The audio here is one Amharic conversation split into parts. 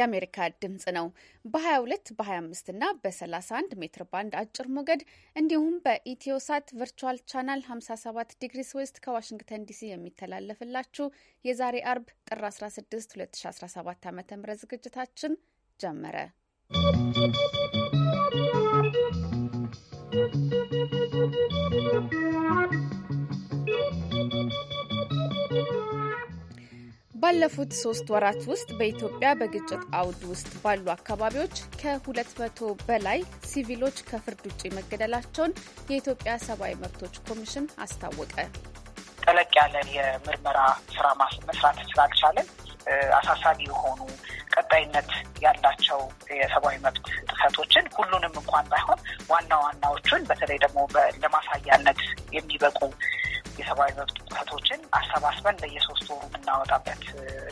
የአሜሪካ ድምጽ ነው። በ22 በ25 እና በ31 ሜትር ባንድ አጭር ሞገድ እንዲሁም በኢትዮሳት ቨርቹዋል ቻናል 57 ዲግሪ ዌስት ከዋሽንግተን ዲሲ የሚተላለፍላችሁ የዛሬ አርብ ጥር 16 2017 ዓ ም ዝግጅታችን ጀመረ። ባለፉት ሶስት ወራት ውስጥ በኢትዮጵያ በግጭት አውድ ውስጥ ባሉ አካባቢዎች ከ200 በላይ ሲቪሎች ከፍርድ ውጭ መገደላቸውን የኢትዮጵያ ሰብአዊ መብቶች ኮሚሽን አስታወቀ። ጠለቅ ያለ የምርመራ ስራ መስራት ስላልቻለን አሳሳቢ የሆኑ ቀጣይነት ያላቸው የሰብአዊ መብት ጥሰቶችን ሁሉንም እንኳን ባይሆን ዋና ዋናዎቹን በተለይ ደግሞ ለማሳያነት የሚበቁ የሰብአዊ መብት ጥሰቶችን አሰባስበን በየሶስት ወሩ የምናወጣበት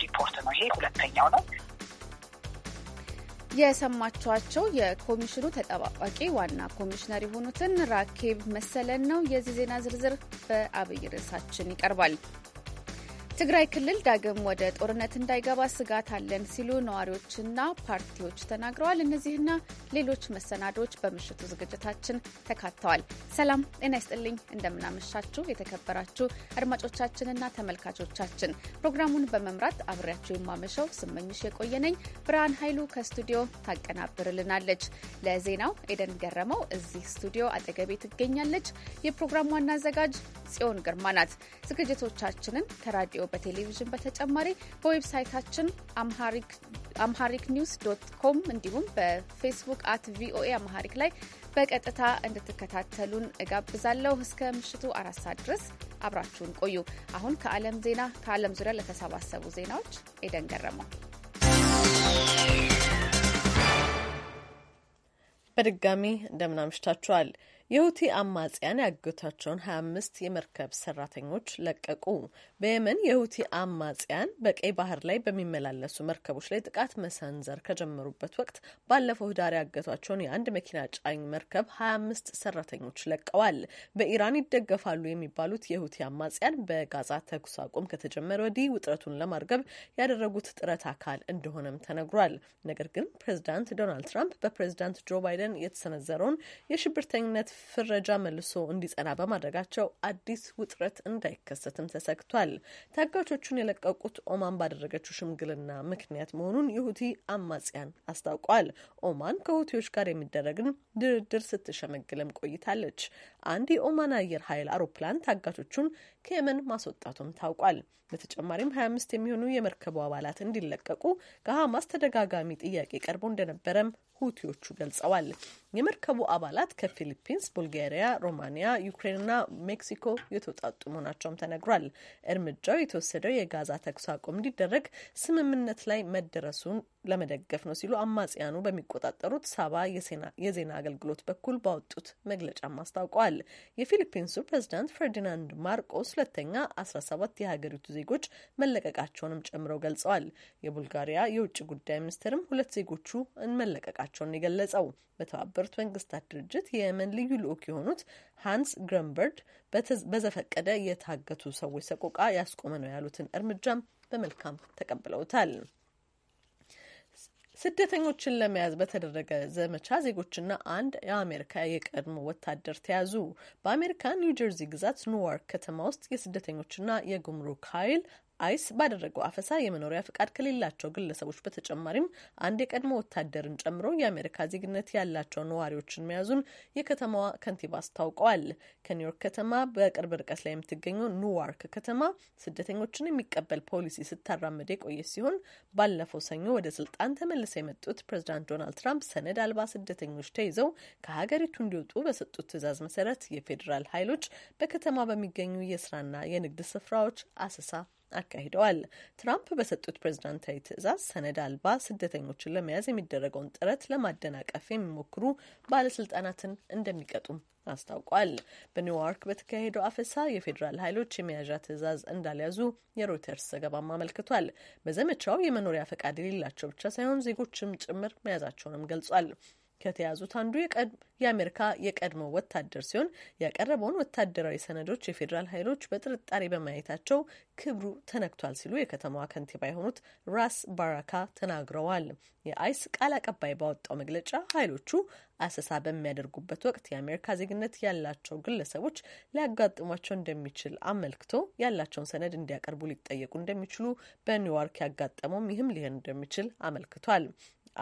ሪፖርት ነው። ይሄ ሁለተኛው ነው። የሰማችኋቸው የኮሚሽኑ ተጠባባቂ ዋና ኮሚሽነር የሆኑትን ራኬብ መሰለን ነው። የዚህ ዜና ዝርዝር በአብይ ርዕሳችን ይቀርባል። ትግራይ ክልል ዳግም ወደ ጦርነት እንዳይገባ ስጋት አለን ሲሉ ነዋሪዎችና ፓርቲዎች ተናግረዋል። እነዚህና ሌሎች መሰናዶዎች በምሽቱ ዝግጅታችን ተካተዋል። ሰላም ጤና ይስጥልኝ። እንደምናመሻችሁ የተከበራችሁ አድማጮቻችንና ተመልካቾቻችን ፕሮግራሙን በመምራት አብሬያችሁ የማመሸው ስመኝሽ የቆየነኝ። ብርሃን ኃይሉ ከስቱዲዮ ታቀናብርልናለች። ለዜናው ኤደን ገረመው እዚህ ስቱዲዮ አጠገቤ ትገኛለች። የፕሮግራሙ ዋና አዘጋጅ ጽዮን ግርማ ናት። ዝግጅቶቻችንን ከራዲዮ በቴሌቪዥን በተጨማሪ በዌብሳይታችን አምሃሪክ ኒውስ ዶት ኮም እንዲሁም በፌስቡክ አት ቪኦኤ አምሃሪክ ላይ በቀጥታ እንድትከታተሉን እጋብዛለሁ። እስከ ምሽቱ አራት ሰዓት ድረስ አብራችሁን ቆዩ። አሁን ከዓለም ዜና ከዓለም ዙሪያ ለተሰባሰቡ ዜናዎች ኤደን ገረመው። በድጋሚ እንደምናምሽታችኋል። የሁቲ አማጽያን ያገቷቸውን ሀያ አምስት የመርከብ ሰራተኞች ለቀቁ። በየመን የሁቲ አማጽያን በቀይ ባህር ላይ በሚመላለሱ መርከቦች ላይ ጥቃት መሰንዘር ከጀመሩበት ወቅት ባለፈው ህዳር ያገቷቸውን የአንድ መኪና ጫኝ መርከብ ሀያ አምስት ሰራተኞች ለቀዋል። በኢራን ይደገፋሉ የሚባሉት የሁቲ አማጽያን በጋዛ ተኩስ አቁም ከተጀመረ ወዲህ ውጥረቱን ለማርገብ ያደረጉት ጥረት አካል እንደሆነም ተነግሯል። ነገር ግን ፕሬዚዳንት ዶናልድ ትራምፕ በፕሬዚዳንት ጆ ባይደን የተሰነዘረውን የሽብርተኝነት ፍረጃ መልሶ እንዲጸና በማድረጋቸው አዲስ ውጥረት እንዳይከሰትም ተሰግቷል። ታጋቾቹን የለቀቁት ኦማን ባደረገችው ሽምግልና ምክንያት መሆኑን የሁቲ አማጽያን አስታውቋል። ኦማን ከሁቲዎች ጋር የሚደረግን ድርድር ስትሸመግልም ቆይታለች። አንድ የኦማን አየር ኃይል አውሮፕላን ታጋቾቹን ከየመን ማስወጣቱም ታውቋል። በተጨማሪም 25 የሚሆኑ የመርከቡ አባላት እንዲለቀቁ ከሀማስ ተደጋጋሚ ጥያቄ ቀርቦ እንደነበረም ሁቲዎቹ ገልጸዋል። የመርከቡ አባላት ከፊሊፒንስ፣ ቡልጋሪያ፣ ሮማኒያ፣ ዩክሬንና ሜክሲኮ የተውጣጡ መሆናቸውም ተነግሯል። እርምጃው የተወሰደው የጋዛ ተኩስ አቁም እንዲደረግ ስምምነት ላይ መደረሱን ለመደገፍ ነው ሲሉ አማጽያኑ በሚቆጣጠሩት ሳባ የዜና አገልግሎት በኩል ባወጡት መግለጫም አስታውቀዋል። የፊሊፒንሱ ፕሬዚዳንት ፈርዲናንድ ማርቆስ ሁለተኛ 17 የሀገሪቱ ዜጎች መለቀቃቸውንም ጨምረው ገልጸዋል። የቡልጋሪያ የውጭ ጉዳይ ሚኒስትርም ሁለት ዜጎቹ መለቀቃቸውን የገለጸው በተባበሩት መንግስታት ድርጅት የየመን ልዩ ልዑክ የሆኑት ሃንስ ግረንበርድ በዘፈቀደ የታገቱ ሰዎች ሰቆቃ ያስቆመ ነው ያሉትን እርምጃም በመልካም ተቀብለውታል። ስደተኞችን ለመያዝ በተደረገ ዘመቻ ዜጎችና አንድ የአሜሪካ የቀድሞ ወታደር ተያዙ። በአሜሪካ ኒውጀርዚ ግዛት ኑዋርክ ከተማ ውስጥ የስደተኞችና የጉምሩክ ኃይል አይስ ባደረገው አፈሳ የመኖሪያ ፍቃድ ከሌላቸው ግለሰቦች በተጨማሪም አንድ የቀድሞ ወታደርን ጨምሮ የአሜሪካ ዜግነት ያላቸው ነዋሪዎችን መያዙን የከተማዋ ከንቲባ አስታውቀዋል። ከኒውዮርክ ከተማ በቅርብ ርቀት ላይ የምትገኘው ኑዋርክ ከተማ ስደተኞችን የሚቀበል ፖሊሲ ስታራምድ የቆየ ሲሆን ባለፈው ሰኞ ወደ ስልጣን ተመልሰው የመጡት ፕሬዚዳንት ዶናልድ ትራምፕ ሰነድ አልባ ስደተኞች ተይዘው ከሀገሪቱ እንዲወጡ በሰጡት ትዕዛዝ መሰረት የፌዴራል ኃይሎች በከተማ በሚገኙ የስራና የንግድ ስፍራዎች አሰሳ አካሂደዋል። ትራምፕ በሰጡት ፕሬዝዳንታዊ ትዕዛዝ ሰነድ አልባ ስደተኞችን ለመያዝ የሚደረገውን ጥረት ለማደናቀፍ የሚሞክሩ ባለስልጣናትን እንደሚቀጡም አስታውቋል። በኒውዮርክ በተካሄደው አፈሳ የፌዴራል ኃይሎች የመያዣ ትዕዛዝ እንዳልያዙ የሮይተርስ ዘገባም አመልክቷል። በዘመቻው የመኖሪያ ፈቃድ የሌላቸው ብቻ ሳይሆን ዜጎችም ጭምር መያዛቸውንም ገልጿል። ከተያዙት አንዱ የአሜሪካ የቀድሞ ወታደር ሲሆን ያቀረበውን ወታደራዊ ሰነዶች የፌዴራል ኃይሎች በጥርጣሬ በማየታቸው ክብሩ ተነክቷል ሲሉ የከተማዋ ከንቲባ የሆኑት ራስ ባራካ ተናግረዋል። የአይስ ቃል አቀባይ ባወጣው መግለጫ ኃይሎቹ አሰሳ በሚያደርጉበት ወቅት የአሜሪካ ዜግነት ያላቸው ግለሰቦች ሊያጋጥሟቸው እንደሚችል አመልክቶ ያላቸውን ሰነድ እንዲያቀርቡ ሊጠየቁ እንደሚችሉ በኒውዮርክ ያጋጠመውም ይህም ሊሆን እንደሚችል አመልክቷል።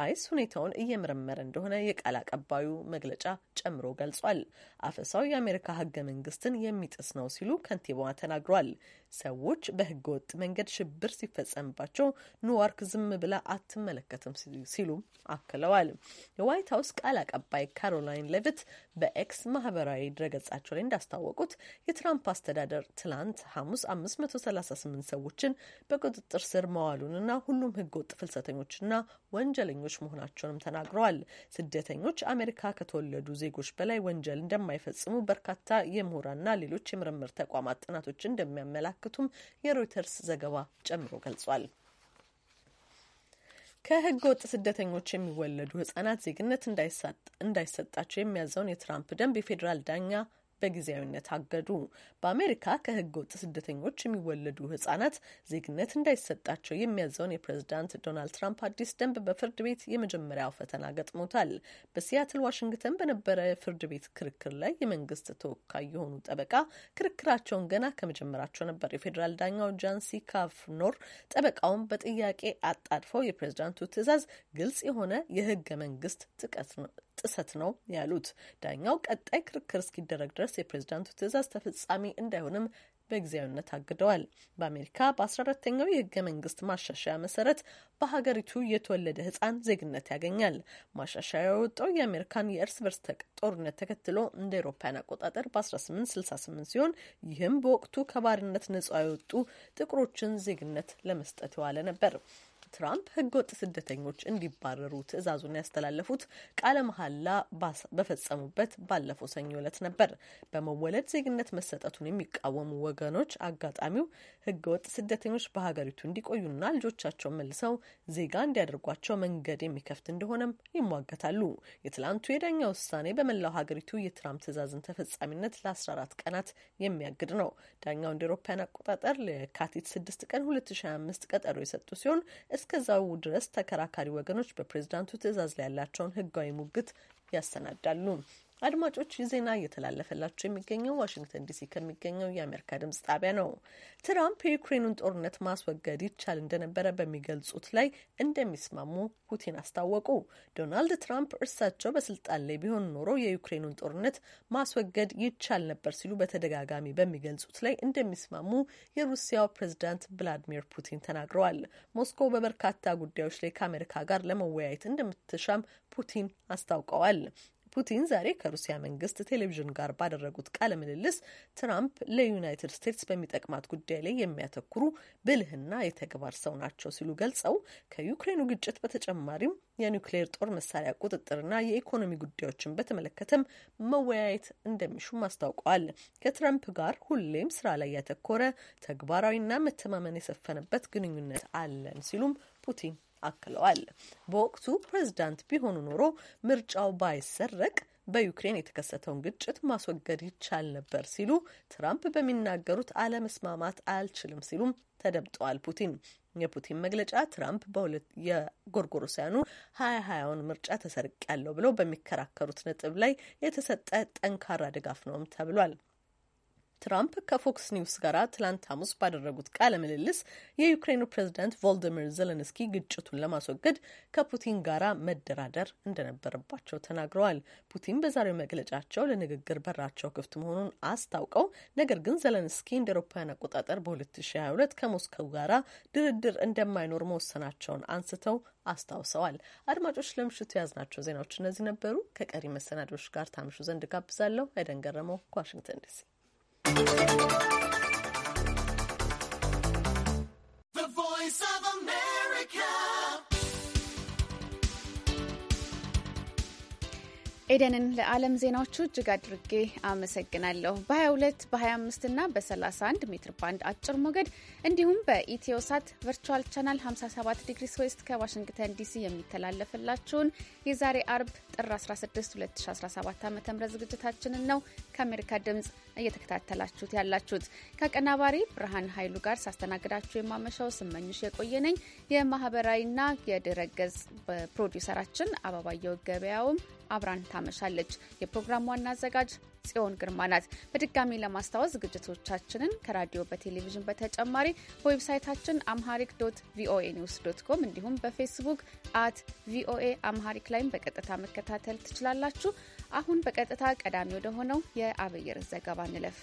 አይስ ሁኔታውን እየመረመረ እንደሆነ የቃል አቀባዩ መግለጫ ጨምሮ ገልጿል። አፈሳው የአሜሪካ ሕገ መንግስትን የሚጥስ ነው ሲሉ ከንቲባዋ ተናግሯል። ሰዎች በህገ ወጥ መንገድ ሽብር ሲፈጸምባቸው ኑዋርክ ዝም ብላ አትመለከትም ሲሉም አክለዋል። የዋይት ሀውስ ቃል አቀባይ ካሮላይን ሌቪት በኤክስ ማህበራዊ ድረገጻቸው ላይ እንዳስታወቁት የትራምፕ አስተዳደር ትላንት ሐሙስ 538 ሰዎችን በቁጥጥር ስር መዋሉንና ሁሉም ህገ ወጥ ፍልሰተኞችና ወንጀለኞች ወንጀለኞች መሆናቸውንም ተናግረዋል። ስደተኞች አሜሪካ ከተወለዱ ዜጎች በላይ ወንጀል እንደማይፈጽሙ በርካታ የምሁራንና ሌሎች የምርምር ተቋማት ጥናቶች እንደሚያመላክቱም የሮይተርስ ዘገባ ጨምሮ ገልጿል። ከህገ ወጥ ስደተኞች የሚወለዱ ህጻናት ዜግነት እንዳይሰጣቸው የሚያዘውን የትራምፕ ደንብ የፌዴራል ዳኛ በጊዜያዊነት አገዱ። በአሜሪካ ከህገ ወጥ ስደተኞች የሚወለዱ ህጻናት ዜግነት እንዳይሰጣቸው የሚያዘውን የፕሬዝዳንት ዶናልድ ትራምፕ አዲስ ደንብ በፍርድ ቤት የመጀመሪያው ፈተና ገጥሞታል። በሲያትል ዋሽንግተን በነበረ ፍርድ ቤት ክርክር ላይ የመንግስት ተወካይ የሆኑ ጠበቃ ክርክራቸውን ገና ከመጀመራቸው ነበር የፌዴራል ዳኛው ጃንሲ ካፍኖር ጠበቃውን በጥያቄ አጣድፈው የፕሬዝዳንቱ ትዕዛዝ ግልጽ የሆነ የህገ መንግስት ጥቀት ነው ጥሰት ነው ያሉት ዳኛው ቀጣይ ክርክር እስኪደረግ ድረስ የፕሬዝዳንቱ ትዕዛዝ ተፈጻሚ እንዳይሆንም በጊዜያዊነት አግደዋል። በአሜሪካ በ 14 አራተኛው የህገ መንግስት ማሻሻያ መሰረት በሀገሪቱ የተወለደ ህጻን ዜግነት ያገኛል። ማሻሻያ የወጣው የአሜሪካን የእርስ በርስ ጦርነት ተከትሎ እንደ ኤሮፓያን አቆጣጠር በ1868 ሲሆን ይህም በወቅቱ ከባርነት ነጻ የወጡ ጥቁሮችን ዜግነት ለመስጠት የዋለ ነበር። ትራምፕ ህገወጥ ስደተኞች እንዲባረሩ ትዕዛዙን ያስተላለፉት ቃለ መሐላ በፈጸሙበት ባለፈው ሰኞ እለት ነበር። በመወለድ ዜግነት መሰጠቱን የሚቃወሙ ወገኖች አጋጣሚው ህገወጥ ስደተኞች በሀገሪቱ እንዲቆዩና ልጆቻቸውን መልሰው ዜጋ እንዲያደርጓቸው መንገድ የሚከፍት እንደሆነም ይሟገታሉ። የትላንቱ የዳኛ ውሳኔ በመላው ሀገሪቱ የትራምፕ ትዕዛዝን ተፈጻሚነት ለ14 ቀናት የሚያግድ ነው። ዳኛው እንደ አውሮፓውያን አቆጣጠር ለካቲት 6 ቀን 2025 ቀጠሮ የሰጡ ሲሆን እስከዛው ድረስ ተከራካሪ ወገኖች በፕሬዝዳንቱ ትዕዛዝ ላይ ያላቸውን ህጋዊ ሙግት ያሰናዳሉ። አድማጮች ዜና እየተላለፈላቸው የሚገኘው ዋሽንግተን ዲሲ ከሚገኘው የአሜሪካ ድምጽ ጣቢያ ነው። ትራምፕ የዩክሬኑን ጦርነት ማስወገድ ይቻል እንደነበረ በሚገልጹት ላይ እንደሚስማሙ ፑቲን አስታወቁ። ዶናልድ ትራምፕ እርሳቸው በስልጣን ላይ ቢሆን ኖሮ የዩክሬኑን ጦርነት ማስወገድ ይቻል ነበር ሲሉ በተደጋጋሚ በሚገልጹት ላይ እንደሚስማሙ የሩሲያው ፕሬዚዳንት ቭላዲሚር ፑቲን ተናግረዋል። ሞስኮ በበርካታ ጉዳዮች ላይ ከአሜሪካ ጋር ለመወያየት እንደምትሻም ፑቲን አስታውቀዋል። ፑቲን ዛሬ ከሩሲያ መንግስት ቴሌቪዥን ጋር ባደረጉት ቃለ ምልልስ ትራምፕ ለዩናይትድ ስቴትስ በሚጠቅማት ጉዳይ ላይ የሚያተኩሩ ብልህና የተግባር ሰው ናቸው ሲሉ ገልጸው ከዩክሬኑ ግጭት በተጨማሪም የኒውክሌር ጦር መሳሪያ ቁጥጥርና የኢኮኖሚ ጉዳዮችን በተመለከተም መወያየት እንደሚሹም አስታውቀዋል። ከትራምፕ ጋር ሁሌም ስራ ላይ ያተኮረ ተግባራዊና መተማመን የሰፈነበት ግንኙነት አለን ሲሉም ፑቲን አክለዋል። በወቅቱ ፕሬዝዳንት ቢሆኑ ኖሮ ምርጫው ባይሰረቅ በዩክሬን የተከሰተውን ግጭት ማስወገድ ይቻል ነበር ሲሉ ትራምፕ በሚናገሩት አለመስማማት አልችልም ሲሉም ተደምጠዋል ፑቲን። የፑቲን መግለጫ ትራምፕ በሁለት የጎርጎሮሳውያኑ ሀያ ሀያውን ምርጫ ተሰርቅ ያለው ብለው በሚከራከሩት ነጥብ ላይ የተሰጠ ጠንካራ ድጋፍ ነውም ተብሏል። ትራምፕ ከፎክስ ኒውስ ጋር ትላንት ሐሙስ ባደረጉት ቃለ ምልልስ የዩክሬኑ ፕሬዚዳንት ቮልዲሚር ዘለንስኪ ግጭቱን ለማስወገድ ከፑቲን ጋራ መደራደር እንደነበረባቸው ተናግረዋል። ፑቲን በዛሬው መግለጫቸው ለንግግር በራቸው ክፍት መሆኑን አስታውቀው ነገር ግን ዘለንስኪ እንደ አውሮፓውያን አቆጣጠር በ2022 ከሞስኮው ጋራ ድርድር እንደማይኖር መወሰናቸውን አንስተው አስታውሰዋል። አድማጮች ለምሽቱ የያዝናቸው ዜናዎች እነዚህ ነበሩ። ከቀሪ መሰናዶች ጋር ታምሹ ዘንድ ጋብዛለሁ። አይደን ገረመው ከዋሽንግተን ዲሲ ኤደንን ለዓለም ዜናዎቹ እጅግ አድርጌ አመሰግናለሁ። በ22 በ25 እና በ31 ሜትር ባንድ አጭር ሞገድ እንዲሁም በኢትዮሳት ቨርቹዋል ቻናል 57 ዲግሪ ስዌስት ከዋሽንግተን ዲሲ የሚተላለፍላችሁን የዛሬ አርብ ጥር 16 2017 ዓ ም ዝግጅታችንን ነው ከአሜሪካ ድምፅ እየተከታተላችሁት ያላችሁት ከቀናባሪ ብርሃን ኃይሉ ጋር ሳስተናግዳችሁ የማመሻው ስመኝሽ የቆየነኝ ነኝ። የማህበራዊና የድረ ገጽ ፕሮዲውሰራችን አበባየው ገበያውም አብራን ታመሻለች። የፕሮግራም ዋና አዘጋጅ ጽዮን ግርማ ናት። በድጋሚ ለማስታወስ ዝግጅቶቻችንን ከራዲዮ በቴሌቪዥን በተጨማሪ በዌብሳይታችን አምሃሪክ ዶት ቪኦኤ ኒውስ ዶት ኮም እንዲሁም በፌስቡክ አት ቪኦኤ አምሃሪክ ላይም በቀጥታ መከታተል ትችላላችሁ። አሁን በቀጥታ ቀዳሚ ወደሆነው ሆነው ርዕስ ዘገባ እንለፍ።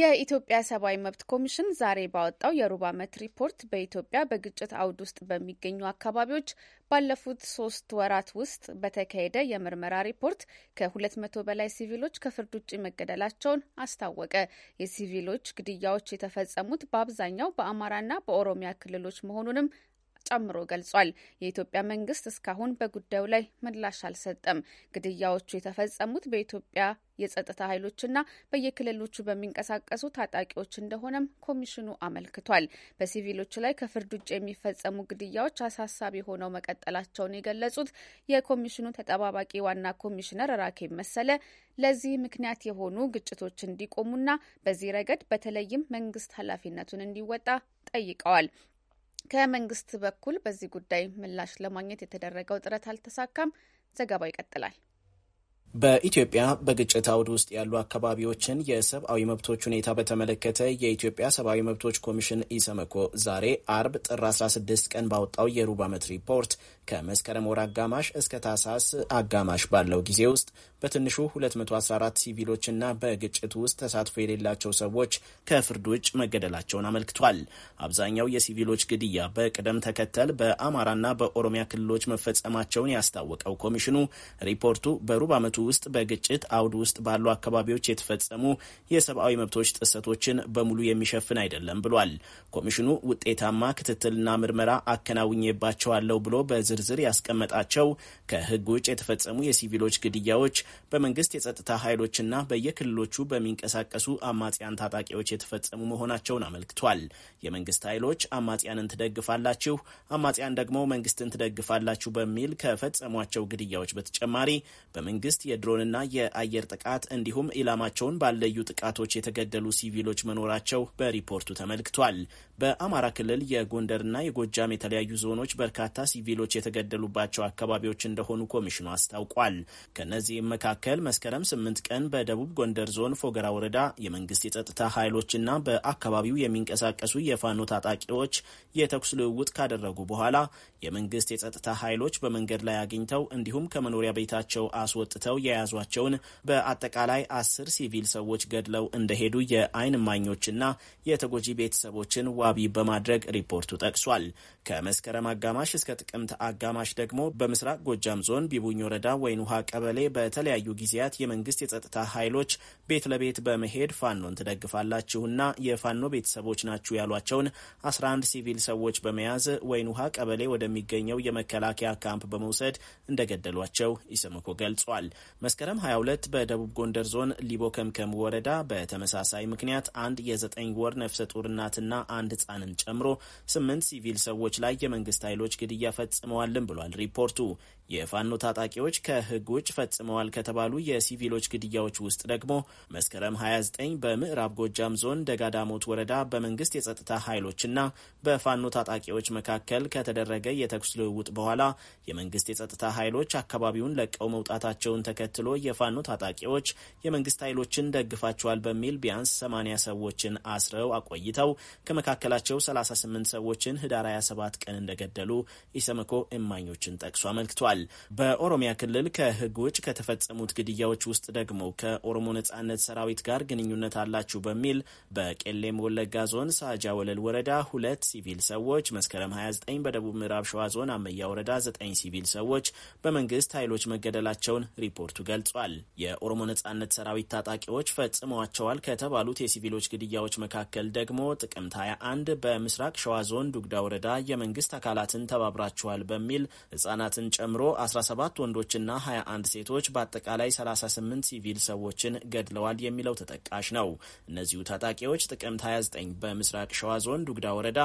የኢትዮጵያ ሰብአዊ መብት ኮሚሽን ዛሬ ባወጣው የሩብ ዓመት ሪፖርት በኢትዮጵያ በግጭት አውድ ውስጥ በሚገኙ አካባቢዎች ባለፉት ሶስት ወራት ውስጥ በተካሄደ የምርመራ ሪፖርት ከ200 በላይ ሲቪሎች ከፍርድ ውጭ መገደላቸውን አስታወቀ። የሲቪሎች ግድያዎች የተፈጸሙት በአብዛኛው በአማራና በኦሮሚያ ክልሎች መሆኑንም ጨምሮ ገልጿል። የኢትዮጵያ መንግስት እስካሁን በጉዳዩ ላይ ምላሽ አልሰጠም። ግድያዎቹ የተፈጸሙት በኢትዮጵያ የጸጥታ ኃይሎችና በየክልሎቹ በሚንቀሳቀሱ ታጣቂዎች እንደሆነም ኮሚሽኑ አመልክቷል። በሲቪሎች ላይ ከፍርድ ውጭ የሚፈጸሙ ግድያዎች አሳሳቢ ሆነው መቀጠላቸውን የገለጹት የኮሚሽኑ ተጠባባቂ ዋና ኮሚሽነር ራኬብ መሰለ ለዚህ ምክንያት የሆኑ ግጭቶች እንዲቆሙና በዚህ ረገድ በተለይም መንግስት ኃላፊነቱን እንዲወጣ ጠይቀዋል። ከመንግስት በኩል በዚህ ጉዳይ ምላሽ ለማግኘት የተደረገው ጥረት አልተሳካም። ዘገባው ይቀጥላል። በኢትዮጵያ በግጭት አውድ ውስጥ ያሉ አካባቢዎችን የሰብአዊ መብቶች ሁኔታ በተመለከተ የኢትዮጵያ ሰብአዊ መብቶች ኮሚሽን ኢሰመኮ ዛሬ አርብ ጥር 16 ቀን ባወጣው የሩብ ዓመት ሪፖርት ከመስከረም ወር አጋማሽ እስከ ታሳስ አጋማሽ ባለው ጊዜ ውስጥ በትንሹ 214 ሲቪሎችና በግጭቱ ውስጥ ተሳትፎ የሌላቸው ሰዎች ከፍርድ ውጭ መገደላቸውን አመልክቷል። አብዛኛው የሲቪሎች ግድያ በቅደም ተከተል በአማራና በኦሮሚያ ክልሎች መፈጸማቸውን ያስታወቀው ኮሚሽኑ ሪፖርቱ በሩብ ዓመቱ ውስጥ በግጭት አውድ ውስጥ ባሉ አካባቢዎች የተፈጸሙ የሰብአዊ መብቶች ጥሰቶችን በሙሉ የሚሸፍን አይደለም ብሏል። ኮሚሽኑ ውጤታማ ክትትልና ምርመራ አከናውኜባቸዋለሁ ብሎ በዝ ዝርዝር ያስቀመጣቸው ከህግ ውጭ የተፈጸሙ የሲቪሎች ግድያዎች በመንግስት የጸጥታ ኃይሎችና በየክልሎቹ በሚንቀሳቀሱ አማጽያን ታጣቂዎች የተፈጸሙ መሆናቸውን አመልክቷል። የመንግስት ኃይሎች አማጽያንን ትደግፋላችሁ፣ አማጽያን ደግሞ መንግስትን ትደግፋላችሁ በሚል ከፈጸሟቸው ግድያዎች በተጨማሪ በመንግስት የድሮንና የአየር ጥቃት እንዲሁም ኢላማቸውን ባለዩ ጥቃቶች የተገደሉ ሲቪሎች መኖራቸው በሪፖርቱ ተመልክቷል። በአማራ ክልል የጎንደርና የጎጃም የተለያዩ ዞኖች በርካታ ሲቪሎች የተገደሉባቸው አካባቢዎች እንደሆኑ ኮሚሽኑ አስታውቋል። ከእነዚህም መካከል መስከረም ስምንት ቀን በደቡብ ጎንደር ዞን ፎገራ ወረዳ የመንግስት የጸጥታ ኃይሎችና በአካባቢው የሚንቀሳቀሱ የፋኖ ታጣቂዎች የተኩስ ልውውጥ ካደረጉ በኋላ የመንግስት የጸጥታ ኃይሎች በመንገድ ላይ አግኝተው እንዲሁም ከመኖሪያ ቤታቸው አስወጥተው የያዟቸውን በአጠቃላይ አስር ሲቪል ሰዎች ገድለው እንደሄዱ የአይን እማኞችና የተጎጂ ቤተሰቦችን ዋ ታሳቢ በማድረግ ሪፖርቱ ጠቅሷል። ከመስከረም አጋማሽ እስከ ጥቅምት አጋማሽ ደግሞ በምስራቅ ጎጃም ዞን ቢቡኝ ወረዳ ወይን ውሃ ቀበሌ በተለያዩ ጊዜያት የመንግስት የጸጥታ ኃይሎች ቤት ለቤት በመሄድ ፋኖን ትደግፋላችሁና የፋኖ ቤተሰቦች ናችሁ ያሏቸውን 11 ሲቪል ሰዎች በመያዝ ወይን ውሃ ቀበሌ ወደሚገኘው የመከላከያ ካምፕ በመውሰድ እንደገደሏቸው ኢሰመኮ ገልጿል። መስከረም 22 በደቡብ ጎንደር ዞን ሊቦ ከምከም ወረዳ በተመሳሳይ ምክንያት አንድ የዘጠኝ ወር ነፍሰ ጡር እናትና አንድ አንድ ህጻንን ጨምሮ ስምንት ሲቪል ሰዎች ላይ የመንግስት ኃይሎች ግድያ ፈጽመዋልን ብሏል ሪፖርቱ። የፋኖ ታጣቂዎች ከህግ ውጭ ፈጽመዋል ከተባሉ የሲቪሎች ግድያዎች ውስጥ ደግሞ መስከረም 29 በምዕራብ ጎጃም ዞን ደጋዳሞት ወረዳ በመንግስት የጸጥታ ኃይሎችና በፋኖ ታጣቂዎች መካከል ከተደረገ የተኩስ ልውውጥ በኋላ የመንግስት የጸጥታ ኃይሎች አካባቢውን ለቀው መውጣታቸውን ተከትሎ የፋኖ ታጣቂዎች የመንግስት ኃይሎችን ደግፋቸዋል በሚል ቢያንስ 80 ሰዎችን አስረው አቆይተው ከመካከላቸው 38 ሰዎችን ህዳር 27 ቀን እንደገደሉ ኢሰመኮ እማኞችን ጠቅሶ አመልክቷል። ተናግረዋል። በኦሮሚያ ክልል ከህግ ውጭ ከተፈጸሙት ግድያዎች ውስጥ ደግሞ ከኦሮሞ ነጻነት ሰራዊት ጋር ግንኙነት አላችሁ በሚል በቄሌም ወለጋ ዞን ሳጃ ወለል ወረዳ ሁለት ሲቪል ሰዎች፣ መስከረም 29 በደቡብ ምዕራብ ሸዋ ዞን አመያ ወረዳ 9 ሲቪል ሰዎች በመንግስት ኃይሎች መገደላቸውን ሪፖርቱ ገልጿል። የኦሮሞ ነጻነት ሰራዊት ታጣቂዎች ፈጽመዋቸዋል ከተባሉት የሲቪሎች ግድያዎች መካከል ደግሞ ጥቅምት 21 በምስራቅ ሸዋ ዞን ዱግዳ ወረዳ የመንግስት አካላትን ተባብራችኋል በሚል ህጻናትን ጨምሮ 17 ወንዶችና 21 ሴቶች በአጠቃላይ 38 ሲቪል ሰዎችን ገድለዋል የሚለው ተጠቃሽ ነው። እነዚሁ ታጣቂዎች ጥቅምት 29 በምስራቅ ሸዋ ዞን ዱግዳ ወረዳ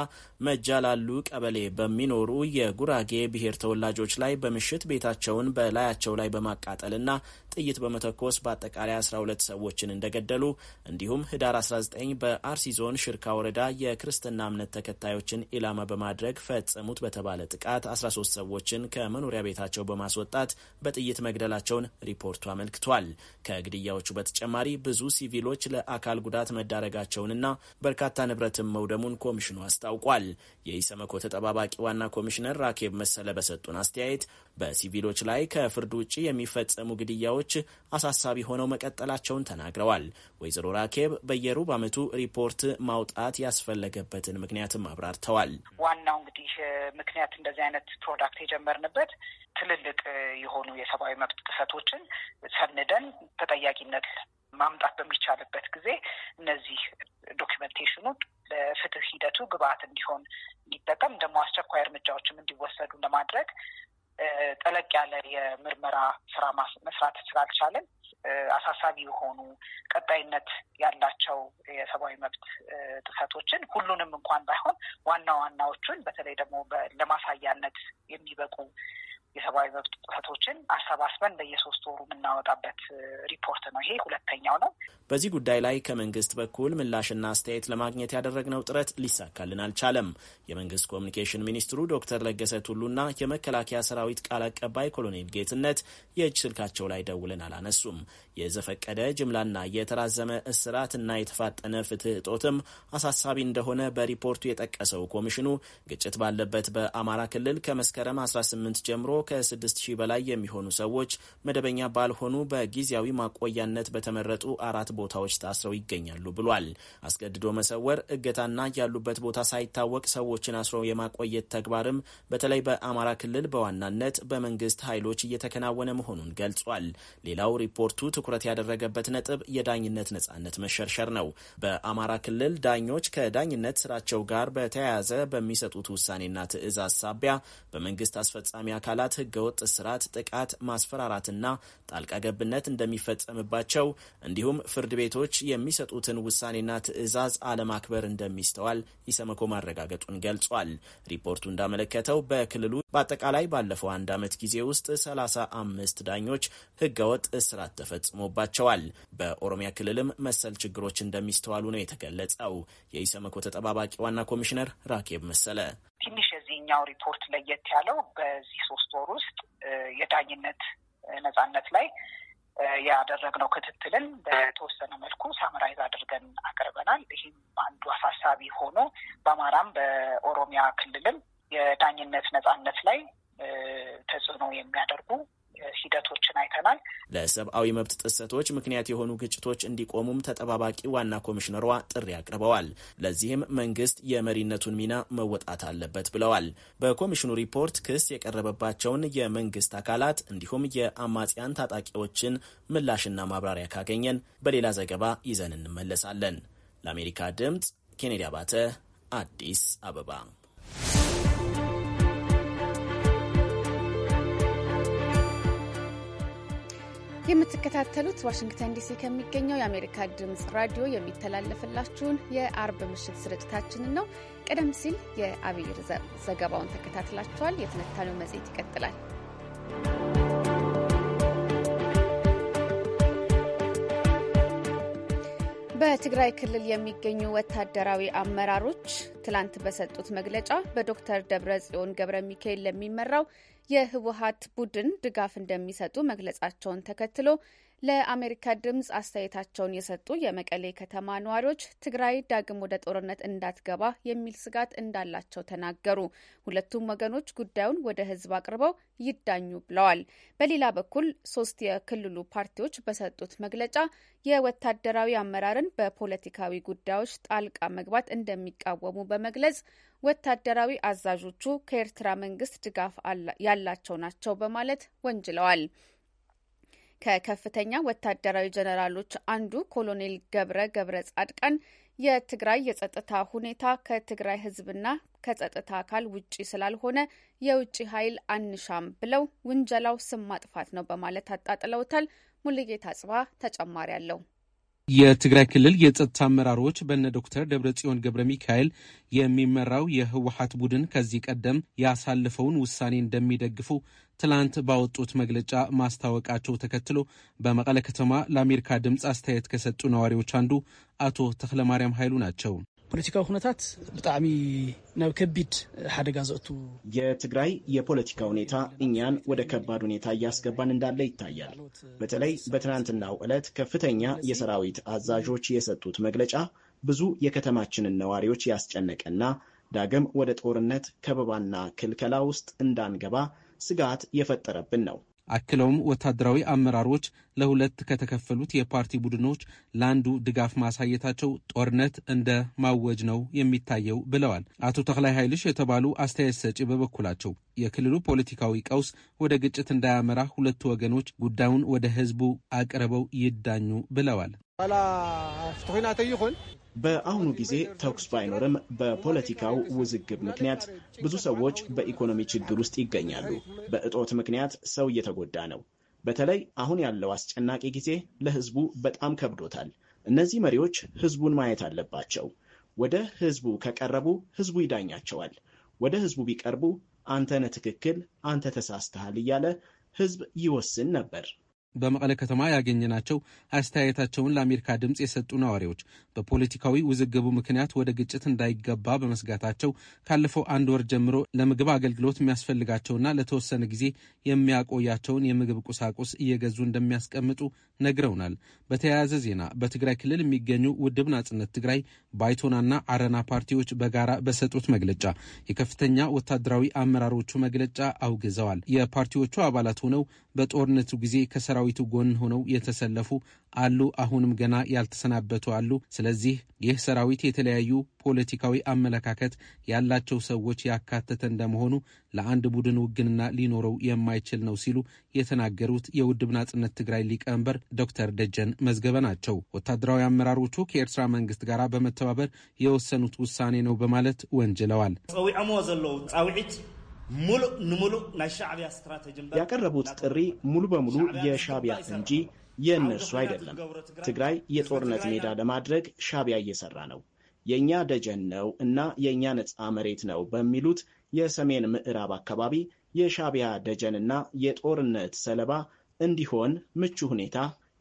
መጃ ላሉ ቀበሌ በሚኖሩ የጉራጌ ብሔር ተወላጆች ላይ በምሽት ቤታቸውን በላያቸው ላይ በማቃጠልና ጥይት በመተኮስ በአጠቃላይ 12 ሰዎችን እንደገደሉ እንዲሁም ህዳር 19 በአርሲ ዞን ሽርካ ወረዳ የክርስትና እምነት ተከታዮችን ኢላማ በማድረግ ፈጸሙት በተባለ ጥቃት 13 ሰዎችን ከመኖሪያ ቤታቸው ከቤታቸው በማስወጣት በጥይት መግደላቸውን ሪፖርቱ አመልክቷል። ከግድያዎቹ በተጨማሪ ብዙ ሲቪሎች ለአካል ጉዳት መዳረጋቸውንና በርካታ ንብረትም መውደሙን ኮሚሽኑ አስታውቋል። የኢሰመኮ ተጠባባቂ ዋና ኮሚሽነር ራኬብ መሰለ በሰጡን አስተያየት በሲቪሎች ላይ ከፍርድ ውጭ የሚፈጸሙ ግድያዎች አሳሳቢ ሆነው መቀጠላቸውን ተናግረዋል። ወይዘሮ ራኬብ በየሩብ ዓመቱ ሪፖርት ማውጣት ያስፈለገበትን ምክንያትም አብራርተዋል። ዋናው እንግዲህ ምክንያት እንደዚህ አይነት ፕሮዳክት የጀመርንበት ትልልቅ የሆኑ የሰብአዊ መብት ጥሰቶችን ሰንደን ተጠያቂነት ማምጣት በሚቻልበት ጊዜ እነዚህ ዶኪመንቴሽኑ ለፍትህ ሂደቱ ግብአት እንዲሆን እንዲጠቀም ደግሞ አስቸኳይ እርምጃዎችም እንዲወሰዱ ለማድረግ ጠለቅ ያለ የምርመራ ስራ መስራት ስላልቻለን አሳሳቢ የሆኑ ቀጣይነት ያላቸው የሰብአዊ መብት ጥሰቶችን ሁሉንም እንኳን ባይሆን ዋና ዋናዎቹን በተለይ ደግሞ ለማሳያነት የሚበቁ የሰብአዊ መብት ጥሰቶችን አሰባስበን በየሶስት ወሩ የምናወጣበት ሪፖርት ነው። ይሄ ሁለተኛው ነው። በዚህ ጉዳይ ላይ ከመንግስት በኩል ምላሽና አስተያየት ለማግኘት ያደረግነው ጥረት ሊሳካልን አልቻለም። የመንግስት ኮሚኒኬሽን ሚኒስትሩ ዶክተር ለገሰ ቱሉና የመከላከያ ሰራዊት ቃል አቀባይ ኮሎኔል ጌትነት የእጅ ስልካቸው ላይ ደውለን አላነሱም። የዘፈቀደ ጅምላና የተራዘመ እስራትና የተፋጠነ ፍትህ እጦትም አሳሳቢ እንደሆነ በሪፖርቱ የጠቀሰው ኮሚሽኑ ግጭት ባለበት በአማራ ክልል ከመስከረም 18 ጀምሮ ከ6000 በላይ የሚሆኑ ሰዎች መደበኛ ባልሆኑ በጊዜያዊ ማቆያነት በተመረጡ አራት ቦታዎች ታስረው ይገኛሉ ብሏል። አስገድዶ መሰወር፣ እገታና ያሉበት ቦታ ሳይታወቅ ሰዎችን አስሮ የማቆየት ተግባርም በተለይ በአማራ ክልል በዋናነት በመንግስት ኃይሎች እየተከናወነ መሆኑን ገልጿል። ሌላው ሪፖርቱ ትኩረት ያደረገበት ነጥብ የዳኝነት ነጻነት መሸርሸር ነው። በአማራ ክልል ዳኞች ከዳኝነት ስራቸው ጋር በተያያዘ በሚሰጡት ውሳኔና ትዕዛዝ ሳቢያ በመንግስት አስፈጻሚ አካላት ህገወጥ ስርዓት፣ ጥቃት፣ ማስፈራራትና ጣልቃ ገብነት እንደሚፈጸምባቸው እንዲሁም ፍርድ ቤቶች የሚሰጡትን ውሳኔና ትዕዛዝ አለማክበር እንደሚስተዋል ኢሰመኮ ማረጋገጡን ገልጿል። ሪፖርቱ እንዳመለከተው በክልሉ በአጠቃላይ ባለፈው አንድ ዓመት ጊዜ ውስጥ ሰላሳ ዳኞች ህገወጥ እስራት ተፈጽሟል። ተፈጽሞባቸዋል። በኦሮሚያ ክልልም መሰል ችግሮች እንደሚስተዋሉ ነው የተገለጸው። የኢሰመኮ ተጠባባቂ ዋና ኮሚሽነር ራኬብ መሰለ ትንሽ የዚህኛው ሪፖርት ለየት ያለው በዚህ ሶስት ወር ውስጥ የዳኝነት ነጻነት ላይ ያደረግነው ክትትልን በተወሰነ መልኩ ሳምራይዝ አድርገን አቅርበናል። ይህም አንዱ አሳሳቢ ሆኖ በአማራም በኦሮሚያ ክልልም የዳኝነት ነጻነት ላይ ተጽዕኖ የሚያደርጉ ሂደቶችን አይተናል። ለሰብአዊ መብት ጥሰቶች ምክንያት የሆኑ ግጭቶች እንዲቆሙም ተጠባባቂ ዋና ኮሚሽነሯ ጥሪ አቅርበዋል። ለዚህም መንግስት የመሪነቱን ሚና መወጣት አለበት ብለዋል። በኮሚሽኑ ሪፖርት ክስ የቀረበባቸውን የመንግስት አካላት እንዲሁም የአማጽያን ታጣቂዎችን ምላሽና ማብራሪያ ካገኘን በሌላ ዘገባ ይዘን እንመለሳለን። ለአሜሪካ ድምፅ ኬኔዲ አባተ አዲስ አበባ የምትከታተሉት ዋሽንግተን ዲሲ ከሚገኘው የአሜሪካ ድምፅ ራዲዮ የሚተላለፍላችሁን የአርብ ምሽት ስርጭታችንን ነው። ቀደም ሲል የአብይር ዘገባውን ተከታትላችኋል። የትንታኔው መጽሔት ይቀጥላል። በትግራይ ክልል የሚገኙ ወታደራዊ አመራሮች ትላንት በሰጡት መግለጫ በዶክተር ደብረ ጽዮን ገብረ ሚካኤል ለሚመራው የህወሀት ቡድን ድጋፍ እንደሚሰጡ መግለጻቸውን ተከትሎ ለአሜሪካ ድምፅ አስተያየታቸውን የሰጡ የመቀሌ ከተማ ነዋሪዎች ትግራይ ዳግም ወደ ጦርነት እንዳትገባ የሚል ስጋት እንዳላቸው ተናገሩ። ሁለቱም ወገኖች ጉዳዩን ወደ ሕዝብ አቅርበው ይዳኙ ብለዋል። በሌላ በኩል ሶስት የክልሉ ፓርቲዎች በሰጡት መግለጫ የወታደራዊ አመራርን በፖለቲካዊ ጉዳዮች ጣልቃ መግባት እንደሚቃወሙ በመግለጽ ወታደራዊ አዛዦቹ ከኤርትራ መንግስት ድጋፍ ያላቸው ናቸው በማለት ወንጅለዋል። ከከፍተኛ ወታደራዊ ጀነራሎች አንዱ ኮሎኔል ገብረ ገብረ ጻድቃን የትግራይ የጸጥታ ሁኔታ ከትግራይ ህዝብና ከጸጥታ አካል ውጪ ስላልሆነ የውጭ ኃይል አንሻም ብለው ውንጀላው ስም ማጥፋት ነው በማለት አጣጥለውታል። ሙልጌታ ጽባ ተጨማሪ አለው። የትግራይ ክልል የጸጥታ አመራሮች በነ ዶክተር ደብረጽዮን ገብረ ሚካኤል የሚመራው የህወሀት ቡድን ከዚህ ቀደም ያሳለፈውን ውሳኔ እንደሚደግፉ ትላንት ባወጡት መግለጫ ማስታወቃቸው ተከትሎ በመቀለ ከተማ ለአሜሪካ ድምፅ አስተያየት ከሰጡ ነዋሪዎች አንዱ አቶ ተክለማርያም ኃይሉ ናቸው። ፖለቲካዊ ኩነታት ብጣዕሚ ናብ ከቢድ ሓደጋ ዘእቱ የትግራይ የፖለቲካ ሁኔታ እኛን ወደ ከባድ ሁኔታ እያስገባን እንዳለ ይታያል። በተለይ በትናንትናው ዕለት ከፍተኛ የሰራዊት አዛዦች የሰጡት መግለጫ ብዙ የከተማችንን ነዋሪዎች ያስጨነቀና ዳግም ወደ ጦርነት ከበባና ክልከላ ውስጥ እንዳንገባ ስጋት የፈጠረብን ነው። አክለውም ወታደራዊ አመራሮች ለሁለት ከተከፈሉት የፓርቲ ቡድኖች ለአንዱ ድጋፍ ማሳየታቸው ጦርነት እንደ ማወጅ ነው የሚታየው ብለዋል። አቶ ተክላይ ኃይልሽ የተባሉ አስተያየት ሰጪ በበኩላቸው የክልሉ ፖለቲካዊ ቀውስ ወደ ግጭት እንዳያመራ ሁለቱ ወገኖች ጉዳዩን ወደ ሕዝቡ አቅርበው ይዳኙ ብለዋል። በአሁኑ ጊዜ ተኩስ ባይኖርም በፖለቲካው ውዝግብ ምክንያት ብዙ ሰዎች በኢኮኖሚ ችግር ውስጥ ይገኛሉ። በእጦት ምክንያት ሰው እየተጎዳ ነው። በተለይ አሁን ያለው አስጨናቂ ጊዜ ለሕዝቡ በጣም ከብዶታል። እነዚህ መሪዎች ሕዝቡን ማየት አለባቸው። ወደ ሕዝቡ ከቀረቡ ሕዝቡ ይዳኛቸዋል። ወደ ሕዝቡ ቢቀርቡ አንተነ ትክክል፣ አንተ ተሳስተሃል እያለ ሕዝብ ይወስን ነበር። በመቀለ ከተማ ያገኘናቸው አስተያየታቸውን ለአሜሪካ ድምፅ የሰጡ ነዋሪዎች በፖለቲካዊ ውዝግቡ ምክንያት ወደ ግጭት እንዳይገባ በመስጋታቸው ካለፈው አንድ ወር ጀምሮ ለምግብ አገልግሎት የሚያስፈልጋቸውና ለተወሰነ ጊዜ የሚያቆያቸውን የምግብ ቁሳቁስ እየገዙ እንደሚያስቀምጡ ነግረውናል። በተያያዘ ዜና በትግራይ ክልል የሚገኙ ውድብ ናጽነት ትግራይ፣ ባይቶናና አረና ፓርቲዎች በጋራ በሰጡት መግለጫ የከፍተኛ ወታደራዊ አመራሮቹ መግለጫ አውግዘዋል። የፓርቲዎቹ አባላት ሆነው በጦርነቱ ጊዜ ከሰራ ከሰራዊቱ ጎን ሆነው የተሰለፉ አሉ። አሁንም ገና ያልተሰናበቱ አሉ። ስለዚህ ይህ ሰራዊት የተለያዩ ፖለቲካዊ አመለካከት ያላቸው ሰዎች ያካተተ እንደመሆኑ ለአንድ ቡድን ውግንና ሊኖረው የማይችል ነው ሲሉ የተናገሩት የውድብ ናጽነት ትግራይ ሊቀመንበር ዶክተር ደጀን መዝገበ ናቸው። ወታደራዊ አመራሮቹ ከኤርትራ መንግስት ጋር በመተባበር የወሰኑት ውሳኔ ነው በማለት ወንጅለዋል። ፀዊዖሞ ዘለው ፃውዒት ያቀረቡት ጥሪ ሙሉ በሙሉ የሻቢያ እንጂ የእነርሱ አይደለም። ትግራይ የጦርነት ሜዳ ለማድረግ ሻቢያ እየሰራ ነው፣ የእኛ ደጀን ነው እና የእኛ ነፃ መሬት ነው በሚሉት የሰሜን ምዕራብ አካባቢ የሻቢያ ደጀንና የጦርነት ሰለባ እንዲሆን ምቹ ሁኔታ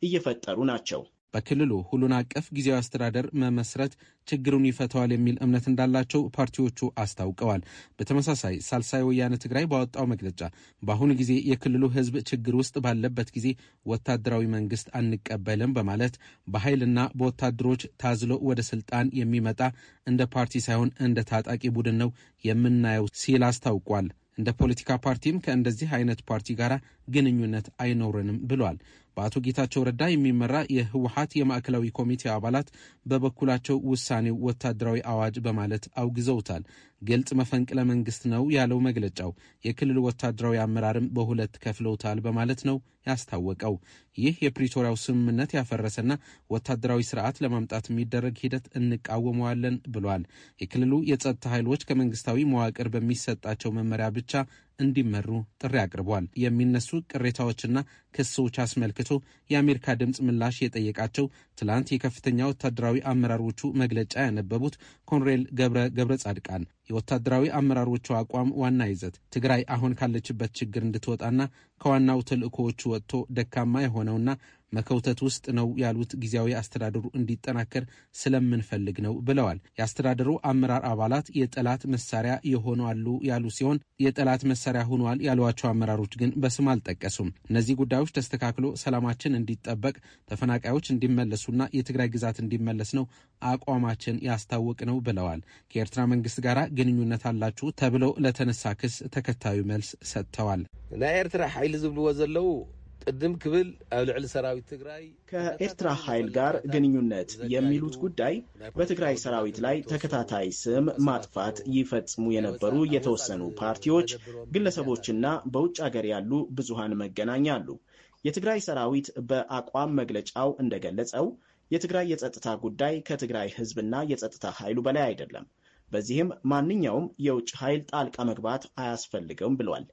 እየፈጠሩ ናቸው። በክልሉ ሁሉን አቀፍ ጊዜያዊ አስተዳደር መመስረት ችግሩን ይፈተዋል የሚል እምነት እንዳላቸው ፓርቲዎቹ አስታውቀዋል። በተመሳሳይ ሳልሳይ ወያነ ትግራይ ባወጣው መግለጫ በአሁኑ ጊዜ የክልሉ ሕዝብ ችግር ውስጥ ባለበት ጊዜ ወታደራዊ መንግስት አንቀበልም በማለት በኃይልና በወታደሮች ታዝሎ ወደ ስልጣን የሚመጣ እንደ ፓርቲ ሳይሆን እንደ ታጣቂ ቡድን ነው የምናየው ሲል አስታውቋል። እንደ ፖለቲካ ፓርቲም ከእንደዚህ አይነት ፓርቲ ጋር ግንኙነት አይኖረንም ብሏል። በአቶ ጌታቸው ረዳ የሚመራ የህወሀት የማዕከላዊ ኮሚቴ አባላት በበኩላቸው ውሳኔው ወታደራዊ አዋጅ በማለት አውግዘውታል። ግልጽ መፈንቅለ መንግስት ነው ያለው መግለጫው። የክልሉ ወታደራዊ አመራርም በሁለት ከፍለውታል በማለት ነው ያስታወቀው። ይህ የፕሪቶሪያው ስምምነት ያፈረሰና ወታደራዊ ስርዓት ለማምጣት የሚደረግ ሂደት እንቃወመዋለን ብሏል። የክልሉ የጸጥታ ኃይሎች ከመንግስታዊ መዋቅር በሚሰጣቸው መመሪያ ብቻ እንዲመሩ ጥሪ አቅርቧል። የሚነሱ ቅሬታዎችና ክሶች አስመልክቶ የአሜሪካ ድምፅ ምላሽ የጠየቃቸው ትላንት የከፍተኛ ወታደራዊ አመራሮቹ መግለጫ ያነበቡት ኮንሬል ገብረ ገብረ ጻድቃን የወታደራዊ አመራሮቹ አቋም ዋና ይዘት ትግራይ አሁን ካለችበት ችግር እንድትወጣና ከዋናው ተልእኮዎቹ ወጥቶ ደካማ የሆነውና መከውተት ውስጥ ነው ያሉት ጊዜያዊ አስተዳደሩ እንዲጠናከር ስለምንፈልግ ነው ብለዋል። የአስተዳደሩ አመራር አባላት የጠላት መሳሪያ የሆኗሉ ያሉ ሲሆን የጠላት መሳሪያ ሆኗል ያሏቸው አመራሮች ግን በስም አልጠቀሱም። እነዚህ ጉዳዮች ተስተካክሎ ሰላማችን እንዲጠበቅ፣ ተፈናቃዮች እንዲመለሱና የትግራይ ግዛት እንዲመለስ ነው አቋማችን ያስታወቅ ነው ብለዋል። ከኤርትራ መንግስት ጋር ግንኙነት አላችሁ ተብለው ለተነሳ ክስ ተከታዩ መልስ ሰጥተዋል። ናይ ኤርትራ ሀይል ዝብልዎ ዘለው ቅድም ክብል ኣብ ልዕሊ ሰራዊት ትግራይ ከኤርትራ ኃይል ጋር ግንኙነት የሚሉት ጉዳይ በትግራይ ሰራዊት ላይ ተከታታይ ስም ማጥፋት ይፈጽሙ የነበሩ የተወሰኑ ፓርቲዎች፣ ግለሰቦችና በውጭ አገር ያሉ ብዙሃን መገናኛ አሉ። የትግራይ ሰራዊት በአቋም መግለጫው እንደገለጸው የትግራይ የጸጥታ ጉዳይ ከትግራይ ሕዝብና የጸጥታ ኃይሉ በላይ አይደለም። በዚህም ማንኛውም የውጭ ኃይል ጣልቃ መግባት አያስፈልግም ብሏል።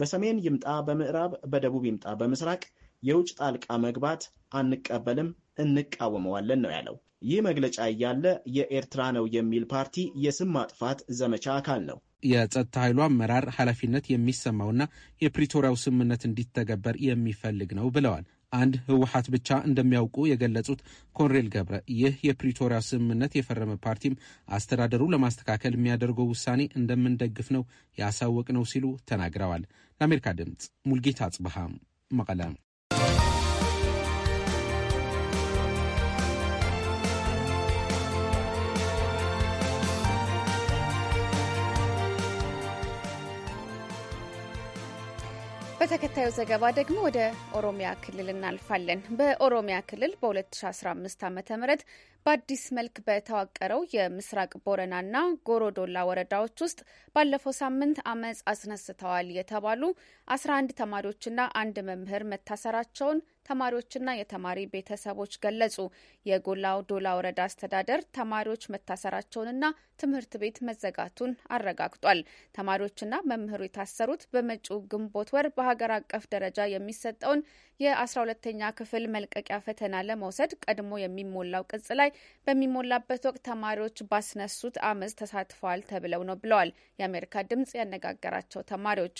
በሰሜን ይምጣ፣ በምዕራብ በደቡብ ይምጣ፣ በምስራቅ የውጭ ጣልቃ መግባት አንቀበልም፣ እንቃወመዋለን ነው ያለው። ይህ መግለጫ እያለ የኤርትራ ነው የሚል ፓርቲ የስም ማጥፋት ዘመቻ አካል ነው። የጸጥታ ኃይሉ አመራር ኃላፊነት የሚሰማውና የፕሪቶሪያው ስምምነት እንዲተገበር የሚፈልግ ነው ብለዋል። አንድ ህወሓት ብቻ እንደሚያውቁ የገለጹት ኮንሬል ገብረ ይህ የፕሪቶሪያ ስምምነት የፈረመ ፓርቲም አስተዳደሩ ለማስተካከል የሚያደርገው ውሳኔ እንደምንደግፍ ነው ያሳወቅ ነው ሲሉ ተናግረዋል። ለአሜሪካ ድምፅ ሙልጌታ አጽብሃም መቀለም ተከታዩ ዘገባ ደግሞ ወደ ኦሮሚያ ክልል እናልፋለን። በኦሮሚያ ክልል በ2015 ዓ ም በአዲስ መልክ በተዋቀረው የምስራቅ ቦረናና ጎሮዶላ ወረዳዎች ውስጥ ባለፈው ሳምንት አመፅ አስነስተዋል የተባሉ 11 ተማሪዎችና አንድ መምህር መታሰራቸውን ተማሪዎችና የተማሪ ቤተሰቦች ገለጹ። የጎላው ዶላ ወረዳ አስተዳደር ተማሪዎች መታሰራቸውንና ትምህርት ቤት መዘጋቱን አረጋግጧል። ተማሪዎችና መምህሩ የታሰሩት በመጪው ግንቦት ወር በሀገር አቀፍ ደረጃ የሚሰጠውን የ12ተኛ ክፍል መልቀቂያ ፈተና ለመውሰድ ቀድሞ የሚሞላው ቅጽ ላይ በሚሞላበት ወቅት ተማሪዎች ባስነሱት አመፅ ተሳትፈዋል ተብለው ነው ብለዋል። የአሜሪካ ድምጽ ያነጋገራቸው ተማሪዎች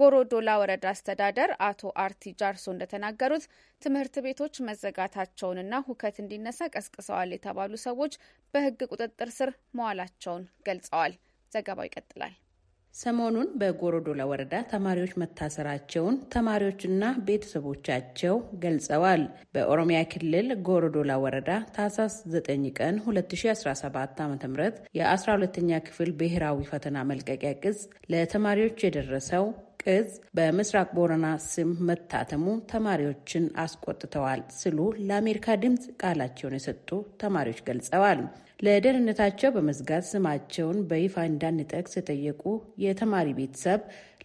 ጎሮዶላ ወረዳ አስተዳደር አቶ አርቲ ጃርሶ እንደተናገሩት ትምህርት ቤቶች መዘጋታቸውንና ሁከት እንዲነሳ ቀስቅሰዋል የተባሉ ሰዎች በሕግ ቁጥጥር ስር መዋላቸውን ገልጸዋል። ዘገባው ይቀጥላል። ሰሞኑን በጎሮዶላ ወረዳ ተማሪዎች መታሰራቸውን ተማሪዎችና ቤተሰቦቻቸው ገልጸዋል። በኦሮሚያ ክልል ጎሮዶላ ወረዳ ታህሳስ 9 ቀን 2017 ዓ ም የ12ኛ ክፍል ብሔራዊ ፈተና መልቀቂያ ቅጽ ለተማሪዎች የደረሰው እዝ በምስራቅ ቦረና ስም መታተሙ ተማሪዎችን አስቆጥተዋል ስሉ ለአሜሪካ ድምፅ ቃላቸውን የሰጡ ተማሪዎች ገልጸዋል። ለደህንነታቸው በመዝጋት ስማቸውን በይፋ እንዳንጠቅስ የጠየቁ የተማሪ ቤተሰብ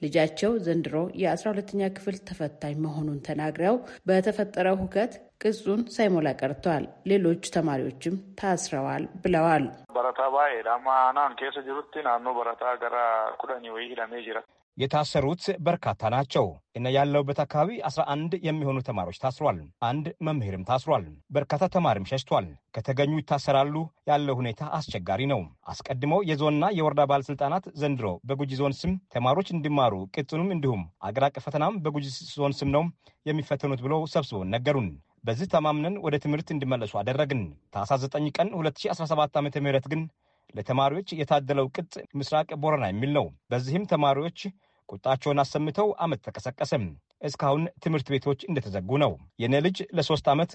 ልጃቸው ዘንድሮ የ12ኛ ክፍል ተፈታኝ መሆኑን ተናግረው በተፈጠረው ሁከት ቅጹን ሳይሞላ ቀርቷል፣ ሌሎች ተማሪዎችም ታስረዋል ብለዋል። በረታ ባኤ ዳማ ናን ኬሰ ጅሩቲ ናኖ በረታ ገራ ኩዳኒ ወይ ሂዳሜ ጅረት የታሰሩት በርካታ ናቸው እና ያለውበት አካባቢ 11 የሚሆኑ ተማሪዎች ታስሯል። አንድ መምህርም ታስሯል። በርካታ ተማሪም ሸሽቷል። ከተገኙ ይታሰራሉ። ያለው ሁኔታ አስቸጋሪ ነው። አስቀድሞ የዞንና የወረዳ ባለስልጣናት ዘንድሮ በጉጂ ዞን ስም ተማሪዎች እንዲማሩ ቅጥኑም እንዲሁም አገር አቀፍ ፈተናም በጉጂ ዞን ስም ነው የሚፈተኑት ብለው ሰብስበውን ነገሩን። በዚህ ተማምነን ወደ ትምህርት እንዲመለሱ አደረግን። ታኅሳስ 9 ቀን 2017 ዓ ም ግን ለተማሪዎች የታደለው ቅጥ ምስራቅ ቦረና የሚል ነው። በዚህም ተማሪዎች ቁጣቸውን አሰምተው አመት ተቀሰቀሰም። እስካሁን ትምህርት ቤቶች እንደተዘጉ ነው። የኔ ልጅ ለሶስት ዓመት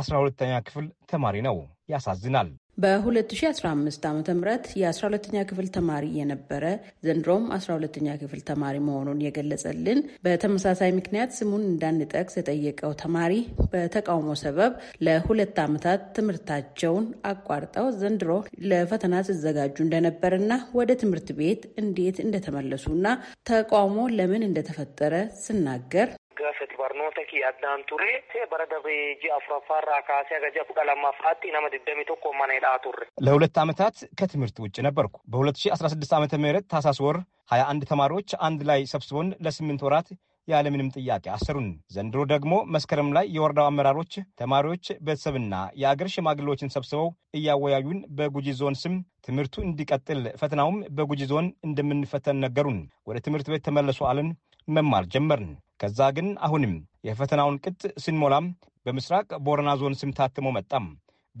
አስራ ሁለተኛ ክፍል ተማሪ ነው። ያሳዝናል። በ2015 ዓ ም የ12ኛ ክፍል ተማሪ የነበረ ዘንድሮም 12ኛ ክፍል ተማሪ መሆኑን የገለጸልን በተመሳሳይ ምክንያት ስሙን እንዳንጠቅስ የጠየቀው ተማሪ በተቃውሞ ሰበብ ለሁለት ዓመታት ትምህርታቸውን አቋርጠው ዘንድሮ ለፈተና ሲዘጋጁ እንደነበረና ወደ ትምህርት ቤት እንዴት እንደተመለሱና ተቃውሞ ለምን እንደተፈጠረ ስናገር Gaafet barnoota addaan ture bara dabee ji'a afuraffaa irraa kaasee aga ji'a kudha lammaffaatti nama digdami tokko mana hidhaa turre። ለሁለት ዓመታት ከትምህርት ውጭ ነበርኩ። በ2016 ዓ ም ታሳስ ወር 21 ተማሪዎች አንድ ላይ ሰብስቦን ለስምንት ወራት ያለምንም ጥያቄ አሰሩን። ዘንድሮ ደግሞ መስከረም ላይ የወረዳው አመራሮች፣ ተማሪዎች፣ ቤተሰብና የአገር ሽማግሌዎችን ሰብስበው እያወያዩን በጉጂ ዞን ስም ትምህርቱ እንዲቀጥል ፈተናውም በጉጂ ዞን እንደምንፈተን ነገሩን። ወደ ትምህርት ቤት ተመለሱ አለን። መማር ጀመርን። ከዛ ግን አሁንም የፈተናውን ቅጥ ስንሞላም በምስራቅ ቦረና ዞን ስም ታትሞ መጣም።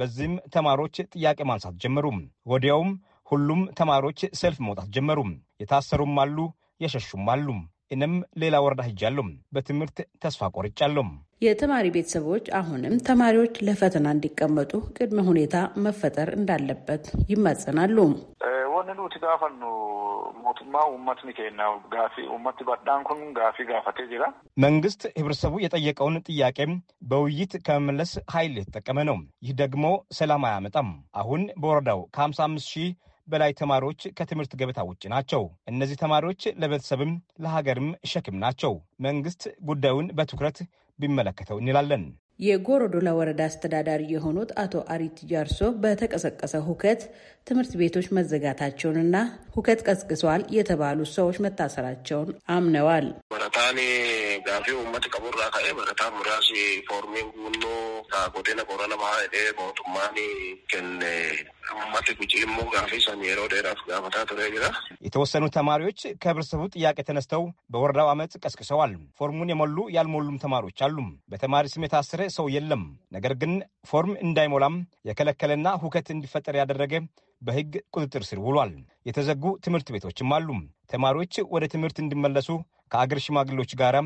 በዚህም ተማሪዎች ጥያቄ ማንሳት ጀመሩ። ወዲያውም ሁሉም ተማሪዎች ሰልፍ መውጣት ጀመሩ። የታሰሩም አሉ፣ የሸሹም አሉ። እኔም ሌላ ወረዳ ሂጃለሁ። በትምህርት ተስፋ ቆርጫለሁ። የተማሪ ቤተሰቦች አሁንም ተማሪዎች ለፈተና እንዲቀመጡ ቅድመ ሁኔታ መፈጠር እንዳለበት ይማጸናሉ። Wanni nuti gaafannu mootummaa uummatni keenya gaafii uummati badhaan kun gaafii gaafatee jira። መንግስት ህብረተሰቡ የጠየቀውን ጥያቄ በውይይት ከመመለስ ኃይል የተጠቀመ ነው። ይህ ደግሞ ሰላም አያመጣም። አሁን በወረዳው ከ55 ሺህ በላይ ተማሪዎች ከትምህርት ገበታ ውጭ ናቸው። እነዚህ ተማሪዎች ለቤተሰብም ለሀገርም ሸክም ናቸው። መንግስት ጉዳዩን በትኩረት ቢመለከተው እንላለን። የጎሮዶላ ወረዳ አስተዳዳሪ የሆኑት አቶ አሪት ጃርሶ በተቀሰቀሰ ሁከት ትምህርት ቤቶች መዘጋታቸውንና ሁከት ቀስቅሰዋል የተባሉ ሰዎች መታሰራቸውን አምነዋል። የተወሰኑ ተማሪዎች ከህብረተሰቡ ጥያቄ ተነስተው በወረዳው አመፅ ቀስቅሰዋል። ፎርሙን የሞሉ ያልሞሉም ተማሪዎች አሉ። በተማሪ ስም የታስረ ሰው የለም። ነገር ግን ፎርም እንዳይሞላም የከለከለና ሁከት እንዲፈጠር ያደረገ በሕግ ቁጥጥር ስር ውሏል። የተዘጉ ትምህርት ቤቶችም አሉ። ተማሪዎች ወደ ትምህርት እንዲመለሱ ከአገር ሽማግሌዎች ጋር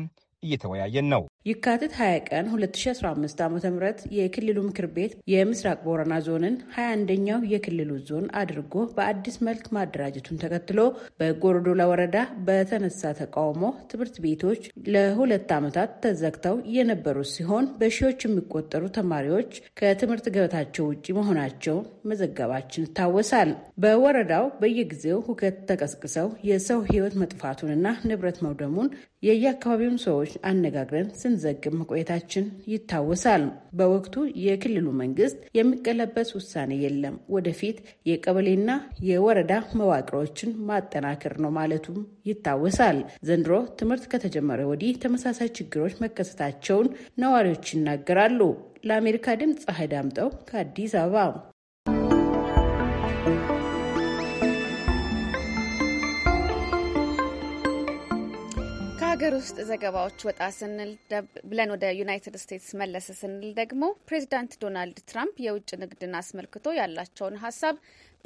እየተወያየን ነው። የካቲት 20 ቀን 2015 ዓ ም የክልሉ ምክር ቤት የምስራቅ ቦረና ዞንን 21ኛው የክልሉ ዞን አድርጎ በአዲስ መልክ ማደራጀቱን ተከትሎ በጎረዶላ ወረዳ በተነሳ ተቃውሞ ትምህርት ቤቶች ለሁለት ዓመታት ተዘግተው የነበሩ ሲሆን በሺዎች የሚቆጠሩ ተማሪዎች ከትምህርት ገበታቸው ውጭ መሆናቸው መዘገባችን ይታወሳል። በወረዳው በየጊዜው ሁከት ተቀስቅሰው የሰው ሕይወት መጥፋቱንና ንብረት መውደሙን የየአካባቢውን ሰዎች አነጋግረን ስንዘግብ መቆየታችን ይታወሳል። በወቅቱ የክልሉ መንግስት የሚቀለበስ ውሳኔ የለም፣ ወደፊት የቀበሌና የወረዳ መዋቅሮችን ማጠናከር ነው ማለቱም ይታወሳል። ዘንድሮ ትምህርት ከተጀመረ ወዲህ ተመሳሳይ ችግሮች መከሰታቸውን ነዋሪዎች ይናገራሉ። ለአሜሪካ ድምፅ ፀሐይ ዳምጠው ከአዲስ አበባ ሀገር ውስጥ ዘገባዎች ወጣ ስንል ብለን ወደ ዩናይትድ ስቴትስ መለስ ስንል ደግሞ ፕሬዚዳንት ዶናልድ ትራምፕ የውጭ ንግድን አስመልክቶ ያላቸውን ሀሳብ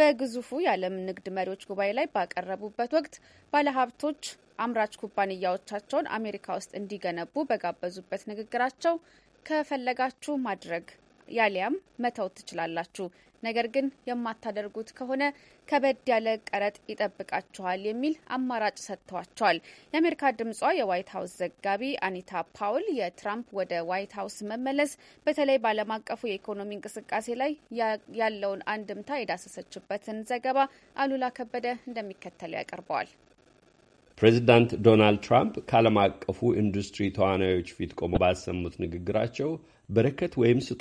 በግዙፉ የዓለም ንግድ መሪዎች ጉባኤ ላይ ባቀረቡበት ወቅት ባለሀብቶች አምራች ኩባንያዎቻቸውን አሜሪካ ውስጥ እንዲገነቡ በጋበዙበት ንግግራቸው ከፈለጋችሁ ማድረግ ያሊያም መተው ትችላላችሁ። ነገር ግን የማታደርጉት ከሆነ ከበድ ያለ ቀረጥ ይጠብቃችኋል የሚል አማራጭ ሰጥተዋቸዋል። የአሜሪካ ድምጿ የዋይት ሀውስ ዘጋቢ አኒታ ፓውል የትራምፕ ወደ ዋይት ሀውስ መመለስ በተለይ በዓለም አቀፉ የኢኮኖሚ እንቅስቃሴ ላይ ያለውን አንድምታ የዳሰሰችበትን ዘገባ አሉላ ከበደ እንደሚከተለው ያቀርበዋል። ፕሬዚዳንት ዶናልድ ትራምፕ ከዓለም አቀፉ ኢንዱስትሪ ተዋናዮች ፊት ቆመው ባሰሙት ንግግራቸው My message to every business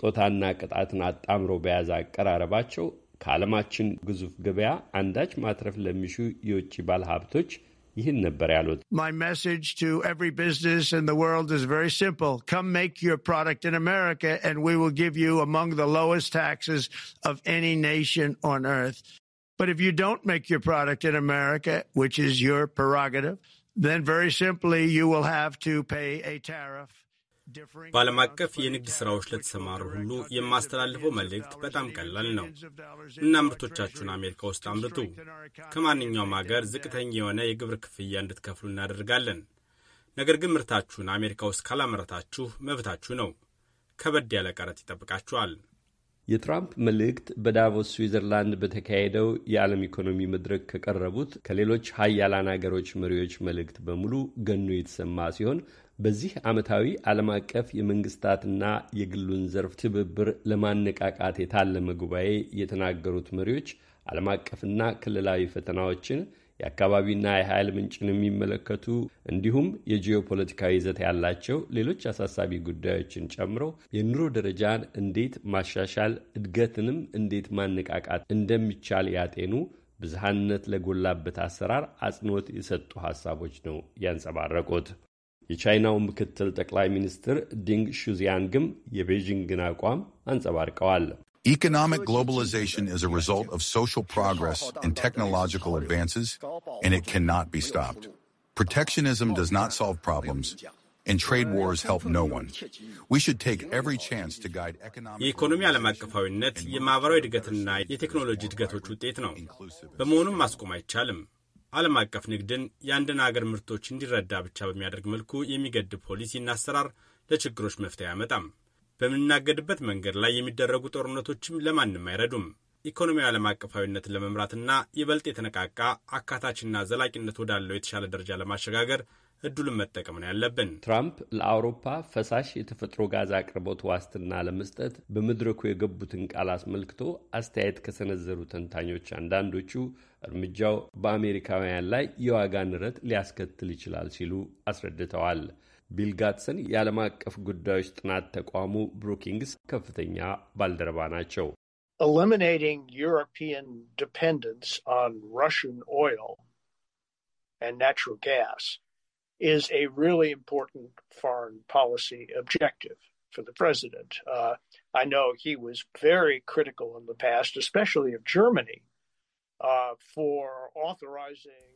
in the world is very simple. Come make your product in America and we will give you among the lowest taxes of any nation on earth. But if you don't make your product in America, which is your prerogative, then very simply you will have to pay a tariff. በዓለም አቀፍ የንግድ ሥራዎች ለተሰማሩ ሁሉ የማስተላልፈው መልእክት በጣም ቀላል ነው እና ምርቶቻችሁን አሜሪካ ውስጥ አምርቱ። ከማንኛውም አገር ዝቅተኛ የሆነ የግብር ክፍያ እንድትከፍሉ እናደርጋለን። ነገር ግን ምርታችሁን አሜሪካ ውስጥ ካላመረታችሁ መብታችሁ ነው። ከበድ ያለ ቀረጥ ይጠብቃችኋል። የትራምፕ መልእክት በዳቮስ ስዊዘርላንድ በተካሄደው የዓለም ኢኮኖሚ መድረክ ከቀረቡት ከሌሎች ሀያላን አገሮች መሪዎች መልእክት በሙሉ ገኖ የተሰማ ሲሆን በዚህ ዓመታዊ ዓለም አቀፍ የመንግስታትና የግሉን ዘርፍ ትብብር ለማነቃቃት የታለመ ጉባኤ የተናገሩት መሪዎች ዓለም አቀፍና ክልላዊ ፈተናዎችን የአካባቢና የኃይል ምንጭን የሚመለከቱ እንዲሁም የጂኦፖለቲካዊ ይዘት ያላቸው ሌሎች አሳሳቢ ጉዳዮችን ጨምሮ የኑሮ ደረጃን እንዴት ማሻሻል እድገትንም እንዴት ማነቃቃት እንደሚቻል ያጤኑ ብዝሃነት ለጎላበት አሰራር አጽንኦት የሰጡ ሀሳቦች ነው ያንጸባረቁት። የቻይናው ምክትል ጠቅላይ ሚኒስትር ዲንግ ሹዚያንግም የቤዥንግን አቋም አንጸባርቀዋል። Economic globalization is a result of social progress and technological advances, and it cannot be stopped. Protectionism does not solve problems, and trade wars help no one. We should take every chance to guide economic የኢኮኖሚ ዓለም አቀፍ ንግድን የአንድን አገር ምርቶች እንዲረዳ ብቻ በሚያደርግ መልኩ የሚገድብ ፖሊሲና አሰራር ለችግሮች መፍትሄ አያመጣም። በምንናገድበት መንገድ ላይ የሚደረጉ ጦርነቶችም ለማንም አይረዱም። ኢኮኖሚያዊ ዓለም አቀፋዊነትን ለመምራትና ይበልጥ የተነቃቃ አካታችና ዘላቂነት ወዳለው የተሻለ ደረጃ ለማሸጋገር እድሉን መጠቀም ነው ያለብን። ትራምፕ ለአውሮፓ ፈሳሽ የተፈጥሮ ጋዝ አቅርቦት ዋስትና ለመስጠት በመድረኩ የገቡትን ቃል አስመልክቶ አስተያየት ከሰነዘሩ ተንታኞች አንዳንዶቹ እርምጃው በአሜሪካውያን ላይ የዋጋ ንረት ሊያስከትል ይችላል ሲሉ አስረድተዋል። ቢል ጋትሰን የዓለም አቀፍ ጉዳዮች ጥናት ተቋሙ ብሩኪንግስ ከፍተኛ ባልደረባ ናቸው። eliminating European dependence on Russian oil and natural gas is a really important foreign policy objective for the president. Uh, I know he was very critical in the past, especially of Germany, uh, for authorizing.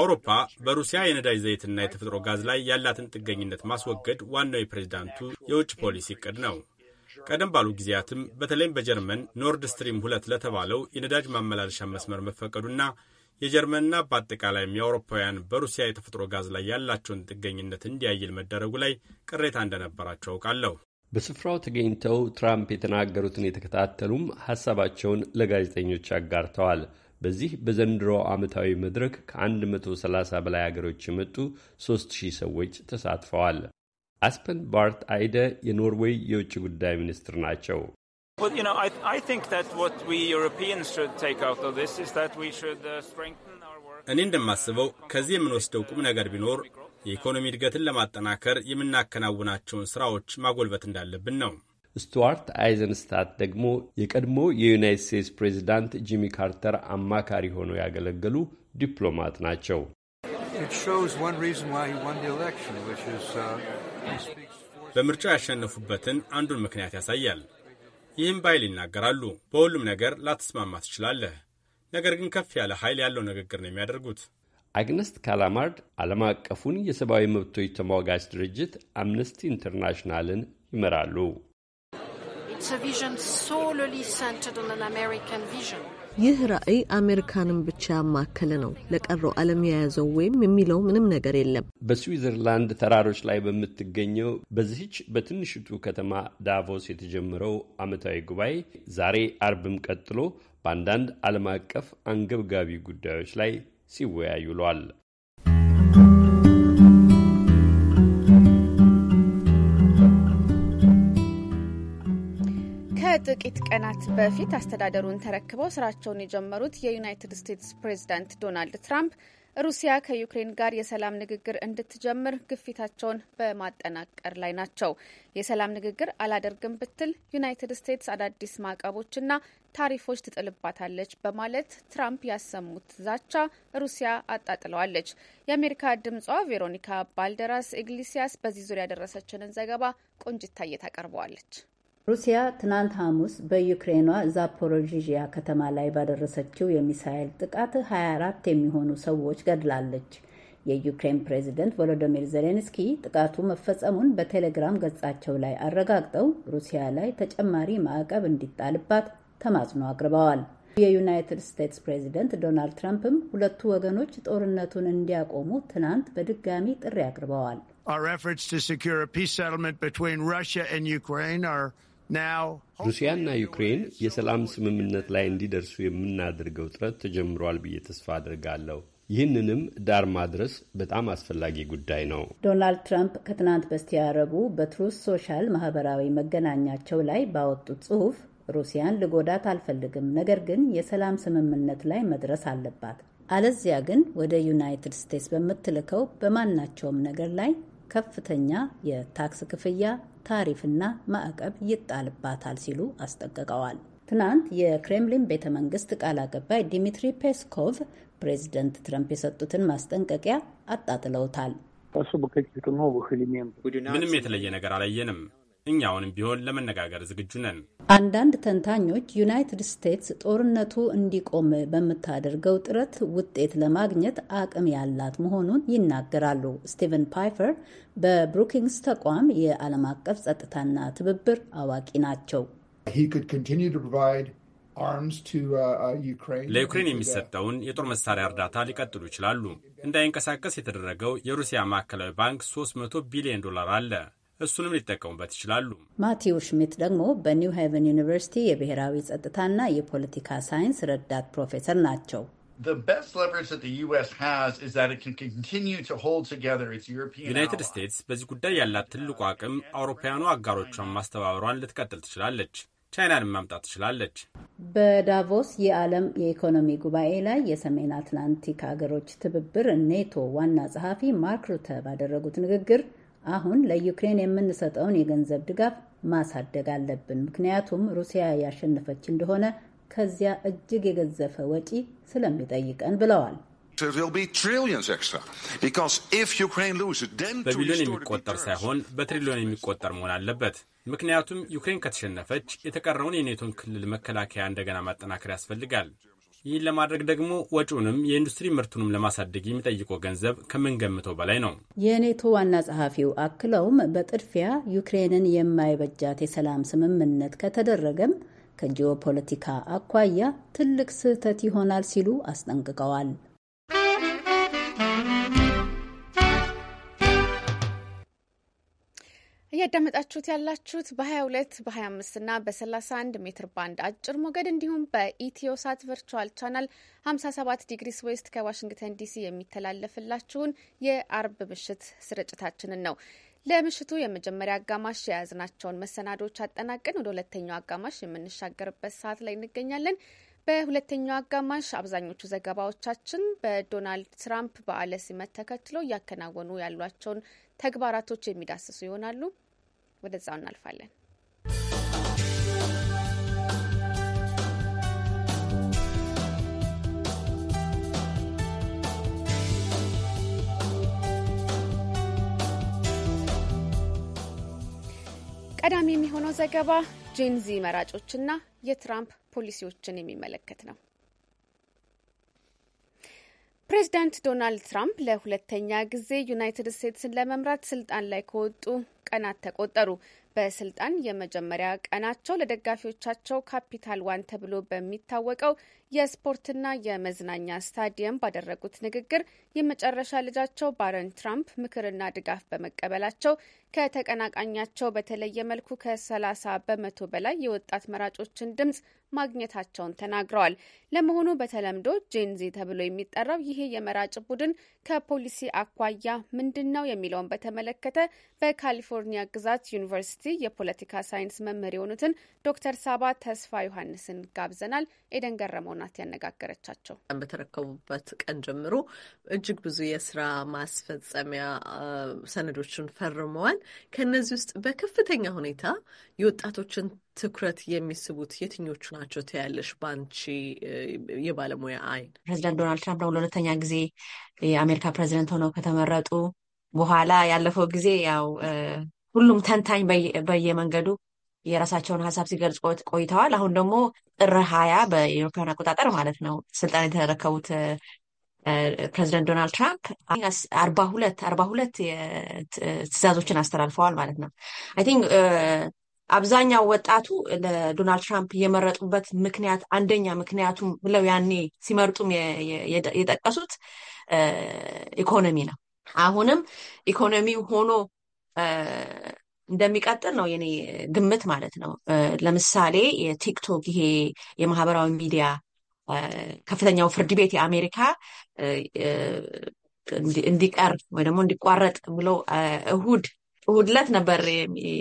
አውሮፓ በሩሲያ የነዳጅ ዘይትና የተፈጥሮ ጋዝ ላይ ያላትን ጥገኝነት ማስወገድ ዋናው የፕሬዚዳንቱ የውጭ ፖሊሲ እቅድ ነው። ቀደም ባሉ ጊዜያትም በተለይም በጀርመን ኖርድ ስትሪም ሁለት ለተባለው የነዳጅ ማመላለሻ መስመር መፈቀዱና የጀርመንና በአጠቃላይም የአውሮፓውያን በሩሲያ የተፈጥሮ ጋዝ ላይ ያላቸውን ጥገኝነት እንዲያይል መደረጉ ላይ ቅሬታ እንደነበራቸው አውቃለሁ። በስፍራው ተገኝተው ትራምፕ የተናገሩትን የተከታተሉም ሀሳባቸውን ለጋዜጠኞች አጋርተዋል። በዚህ በዘንድሮ ዓመታዊ መድረክ ከ130 በላይ አገሮች የመጡ 3000 ሰዎች ተሳትፈዋል። አስፐን ባርት አይደ የኖርዌይ የውጭ ጉዳይ ሚኒስትር ናቸው። Uh, እኔ እንደማስበው ከዚህ የምንወስደው ቁም ነገር ቢኖር የኢኮኖሚ እድገትን ለማጠናከር የምናከናውናቸውን ስራዎች ማጎልበት እንዳለብን ነው። ስቱዋርት አይዘንስታት ደግሞ የቀድሞ የዩናይት ስቴትስ ፕሬዚዳንት ጂሚ ካርተር አማካሪ ሆነው ያገለገሉ ዲፕሎማት ናቸው። uh, በምርጫው ያሸነፉበትን አንዱን ምክንያት ያሳያል። ይህም በኃይል ይናገራሉ። በሁሉም ነገር ላትስማማ ትችላለህ፣ ነገር ግን ከፍ ያለ ኃይል ያለው ንግግር ነው የሚያደርጉት። አግነስት ካላማርድ ዓለም አቀፉን የሰብአዊ መብቶች ተሟጋች ድርጅት አምነስቲ ኢንተርናሽናልን ይመራሉ። ይህ ራዕይ አሜሪካንን ብቻ ያማከለ ነው፣ ለቀረው ዓለም የያዘው ወይም የሚለው ምንም ነገር የለም። በስዊዘርላንድ ተራሮች ላይ በምትገኘው በዚህች በትንሽቱ ከተማ ዳቮስ የተጀመረው ዓመታዊ ጉባኤ ዛሬ አርብም ቀጥሎ በአንዳንድ ዓለም አቀፍ አንገብጋቢ ጉዳዮች ላይ ሲወያዩ ውሏል። ከጥቂት ቀናት በፊት አስተዳደሩን ተረክበው ስራቸውን የጀመሩት የዩናይትድ ስቴትስ ፕሬዝዳንት ዶናልድ ትራምፕ ሩሲያ ከዩክሬን ጋር የሰላም ንግግር እንድትጀምር ግፊታቸውን በማጠናቀር ላይ ናቸው። የሰላም ንግግር አላደርግም ብትል ዩናይትድ ስቴትስ አዳዲስ ማዕቀቦችና ታሪፎች ትጥልባታለች በማለት ትራምፕ ያሰሙት ዛቻ ሩሲያ አጣጥለዋለች። የአሜሪካ ድምጿ ቬሮኒካ ባልደራስ ኢግሊሲያስ በዚህ ዙሪያ ያደረሰችንን ዘገባ ቆንጅታየ ታቀርበዋለች። ሩሲያ ትናንት ሐሙስ በዩክሬኗ ዛፖሮዥያ ከተማ ላይ ባደረሰችው የሚሳኤል ጥቃት 24 የሚሆኑ ሰዎች ገድላለች። የዩክሬን ፕሬዚደንት ቮሎዶሚር ዜሌንስኪ ጥቃቱ መፈጸሙን በቴሌግራም ገጻቸው ላይ አረጋግጠው ሩሲያ ላይ ተጨማሪ ማዕቀብ እንዲጣልባት ተማጽኖ አቅርበዋል። የዩናይትድ ስቴትስ ፕሬዚደንት ዶናልድ ትራምፕም ሁለቱ ወገኖች ጦርነቱን እንዲያቆሙ ትናንት በድጋሚ ጥሪ አቅርበዋል። ሩሲያና ዩክሬን የሰላም ስምምነት ላይ እንዲደርሱ የምናደርገው ጥረት ተጀምሯል ብዬ ተስፋ አድርጋለሁ። ይህንንም ዳር ማድረስ በጣም አስፈላጊ ጉዳይ ነው። ዶናልድ ትራምፕ ከትናንት በስቲያ ረቡዕ በትሩስ ሶሻል ማህበራዊ መገናኛቸው ላይ ባወጡት ጽሑፍ ሩሲያን ልጎዳት አልፈልግም፣ ነገር ግን የሰላም ስምምነት ላይ መድረስ አለባት፣ አለዚያ ግን ወደ ዩናይትድ ስቴትስ በምትልከው በማናቸውም ነገር ላይ ከፍተኛ የታክስ ክፍያ ታሪፍና ማዕቀብ ይጣልባታል ሲሉ አስጠንቅቀዋል። ትናንት የክሬምሊን ቤተ መንግስት ቃል አቀባይ ዲሚትሪ ፔስኮቭ ፕሬዚደንት ትረምፕ የሰጡትን ማስጠንቀቂያ አጣጥለውታል። ምንም የተለየ ነገር አላየንም። እኛውንም ቢሆን ለመነጋገር ዝግጁ ነን። አንዳንድ ተንታኞች ዩናይትድ ስቴትስ ጦርነቱ እንዲቆም በምታደርገው ጥረት ውጤት ለማግኘት አቅም ያላት መሆኑን ይናገራሉ። ስቲቨን ፓይፈር በብሩኪንግስ ተቋም የዓለም አቀፍ ጸጥታና ትብብር አዋቂ ናቸው። uh, uh, ለዩክሬን የሚሰጠውን የጦር መሳሪያ እርዳታ ሊቀጥሉ ይችላሉ። እንዳይንቀሳቀስ የተደረገው የሩሲያ ማዕከላዊ ባንክ 300 ቢሊዮን ዶላር አለ። እሱንም ሊጠቀሙበት ይችላሉ። ማቴዎ ሽሚት ደግሞ በኒው ሄቨን ዩኒቨርሲቲ የብሔራዊ ጸጥታና የፖለቲካ ሳይንስ ረዳት ፕሮፌሰር ናቸው። ዩናይትድ ስቴትስ በዚህ ጉዳይ ያላት ትልቁ አቅም አውሮፓውያኑ አጋሮቿን ማስተባበሯን ልትቀጥል ትችላለች። ቻይናንም ማምጣት ትችላለች። በዳቮስ የዓለም የኢኮኖሚ ጉባኤ ላይ የሰሜን አትላንቲክ ሀገሮች ትብብር ኔቶ ዋና ጸሐፊ ማርክ ሩተ ባደረጉት ንግግር አሁን ለዩክሬን የምንሰጠውን የገንዘብ ድጋፍ ማሳደግ አለብን። ምክንያቱም ሩሲያ ያሸነፈች እንደሆነ ከዚያ እጅግ የገዘፈ ወጪ ስለሚጠይቀን ብለዋል። በቢሊዮን የሚቆጠር ሳይሆን በትሪሊዮን የሚቆጠር መሆን አለበት። ምክንያቱም ዩክሬን ከተሸነፈች የተቀረውን የኔቶን ክልል መከላከያ እንደገና ማጠናከር ያስፈልጋል። ይህን ለማድረግ ደግሞ ወጪውንም የኢንዱስትሪ ምርቱንም ለማሳደግ የሚጠይቀው ገንዘብ ከምንገምተው በላይ ነው። የኔቶ ዋና ጸሐፊው አክለውም በጥድፊያ ዩክሬንን የማይበጃት የሰላም ስምምነት ከተደረገም ከጂኦፖለቲካ አኳያ ትልቅ ስህተት ይሆናል ሲሉ አስጠንቅቀዋል። እያዳመጣችሁት ያላችሁት በ22 በ25 እና በ31 ሜትር ባንድ አጭር ሞገድ እንዲሁም በኢትዮሳት ቨርቹዋል ቻናል 57 ዲግሪስ ዌስት ከዋሽንግተን ዲሲ የሚተላለፍላችሁን የአርብ ምሽት ስርጭታችንን ነው። ለምሽቱ የመጀመሪያ አጋማሽ የያዝናቸውን መሰናዶች አጠናቀን ወደ ሁለተኛው አጋማሽ የምንሻገርበት ሰዓት ላይ እንገኛለን። በሁለተኛው አጋማሽ አብዛኞቹ ዘገባዎቻችን በዶናልድ ትራምፕ በዓለ ሲመት ተከትሎ እያከናወኑ ያሏቸውን ተግባራቶች የሚዳስሱ ይሆናሉ። ወደዛው እናልፋለን። ቀዳሚ የሚሆነው ዘገባ ጄንዚ መራጮችና የትራምፕ ፖሊሲዎችን የሚመለከት ነው። ፕሬዚዳንት ዶናልድ ትራምፕ ለሁለተኛ ጊዜ ዩናይትድ ስቴትስን ለመምራት ስልጣን ላይ ከወጡ ቀናት ተቆጠሩ። በስልጣን የመጀመሪያ ቀናቸው ለደጋፊዎቻቸው ካፒታል ዋን ተብሎ በሚታወቀው የስፖርትና የመዝናኛ ስታዲየም ባደረጉት ንግግር የመጨረሻ ልጃቸው ባረን ትራምፕ ምክርና ድጋፍ በመቀበላቸው ከተቀናቃኛቸው በተለየ መልኩ ከ30 በመቶ በላይ የወጣት መራጮችን ድምጽ ማግኘታቸውን ተናግረዋል። ለመሆኑ በተለምዶ ጄንዚ ተብሎ የሚጠራው ይሄ የመራጭ ቡድን ከፖሊሲ አኳያ ምንድን ነው የሚለውን በተመለከተ በካሊፎርኒያ ግዛት ዩኒቨርሲቲ የፖለቲካ ሳይንስ መምህር የሆኑትን ዶክተር ሳባ ተስፋ ዮሐንስን ጋብዘናል። ኤደን ገረመው ናት ያነጋገረቻቸው። በተረከቡበት ቀን ጀምሮ እጅግ ብዙ የስራ ማስፈጸሚያ ሰነዶችን ፈርመዋል። ከእነዚህ ውስጥ በከፍተኛ ሁኔታ የወጣቶችን ትኩረት የሚስቡት የትኞቹ ናቸው ትያለሽ? በአንቺ የባለሙያ አይን ፕሬዚደንት ዶናልድ ትራምፕ ደግሞ ለሁለተኛ ጊዜ የአሜሪካ ፕሬዚደንት ሆነው ከተመረጡ በኋላ ያለፈው ጊዜ ያው ሁሉም ተንታኝ በየመንገዱ የራሳቸውን ሀሳብ ሲገልጽ ቆይተዋል። አሁን ደግሞ ጥር ሀያ በኢሮፓውያን አቆጣጠር ማለት ነው ስልጣን የተረከቡት ፕሬዚደንት ዶናልድ ትራምፕ አርባ ሁለት አርባ ሁለት ትእዛዞችን አስተላልፈዋል ማለት ነው። አይ ቲንክ አብዛኛው ወጣቱ ለዶናልድ ትራምፕ የመረጡበት ምክንያት አንደኛ ምክንያቱም ብለው ያኔ ሲመርጡም የጠቀሱት ኢኮኖሚ ነው። አሁንም ኢኮኖሚው ሆኖ እንደሚቀጥል ነው የኔ ግምት ማለት ነው። ለምሳሌ የቲክቶክ ይሄ የማህበራዊ ሚዲያ ከፍተኛው ፍርድ ቤት የአሜሪካ እንዲቀር ወይ ደግሞ እንዲቋረጥ ብሎ እሁድ እሁድ ዕለት ነበር